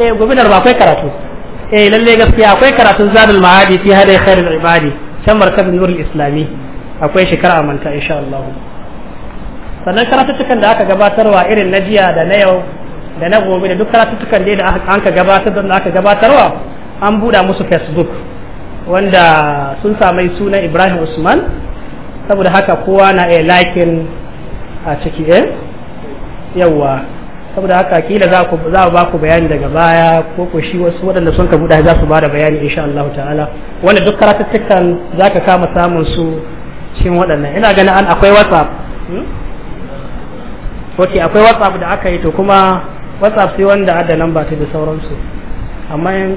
eh gobinar ba akwai karatu eh lalle gaskiya akwai karatun zadul ma'adi fi hada khairul ibadi can markazin nurul islami akwai shekara manta insha Allah sannan karatuttukan da aka gabatarwa irin na jiya da na yau da na gobe da duk karatuttukan da an ka gabatar da aka gabatarwa an buɗa musu facebook wanda sun samai sunan ibrahim usman saboda haka kowa na iya likin a ciki eh yawa saboda haka kila za ku za ba ku bayani daga baya ko ko shi wasu waɗanda sun ka buɗe za su ba da bayani insha Allah ta'ala wanda duk karatuttukan za ka kama samun su cikin waɗannan ina ganin an akwai whatsapp hmm? ok akwai whatsapp da aka yi to kuma whatsapp sai wanda adda lamba ta da sauransu amma yin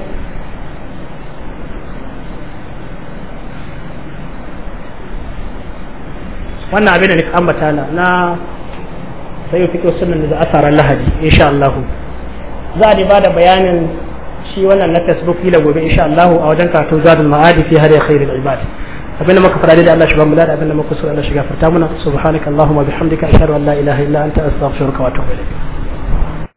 wannan abin da nika ambata na sai fi sunan da asarar lahadi insha Allah za a ba da bayanin shi wannan na facebook ila gobe insha Allah a wajen kato zadul ma'adi fi hada khairul ibad abin da muka fara da Allah shi ba mu da abin da muka so Allah shi gafarta muna subhanakallahumma bihamdika ashhadu an la ilaha illa anta astaghfiruka wa atubu ilaik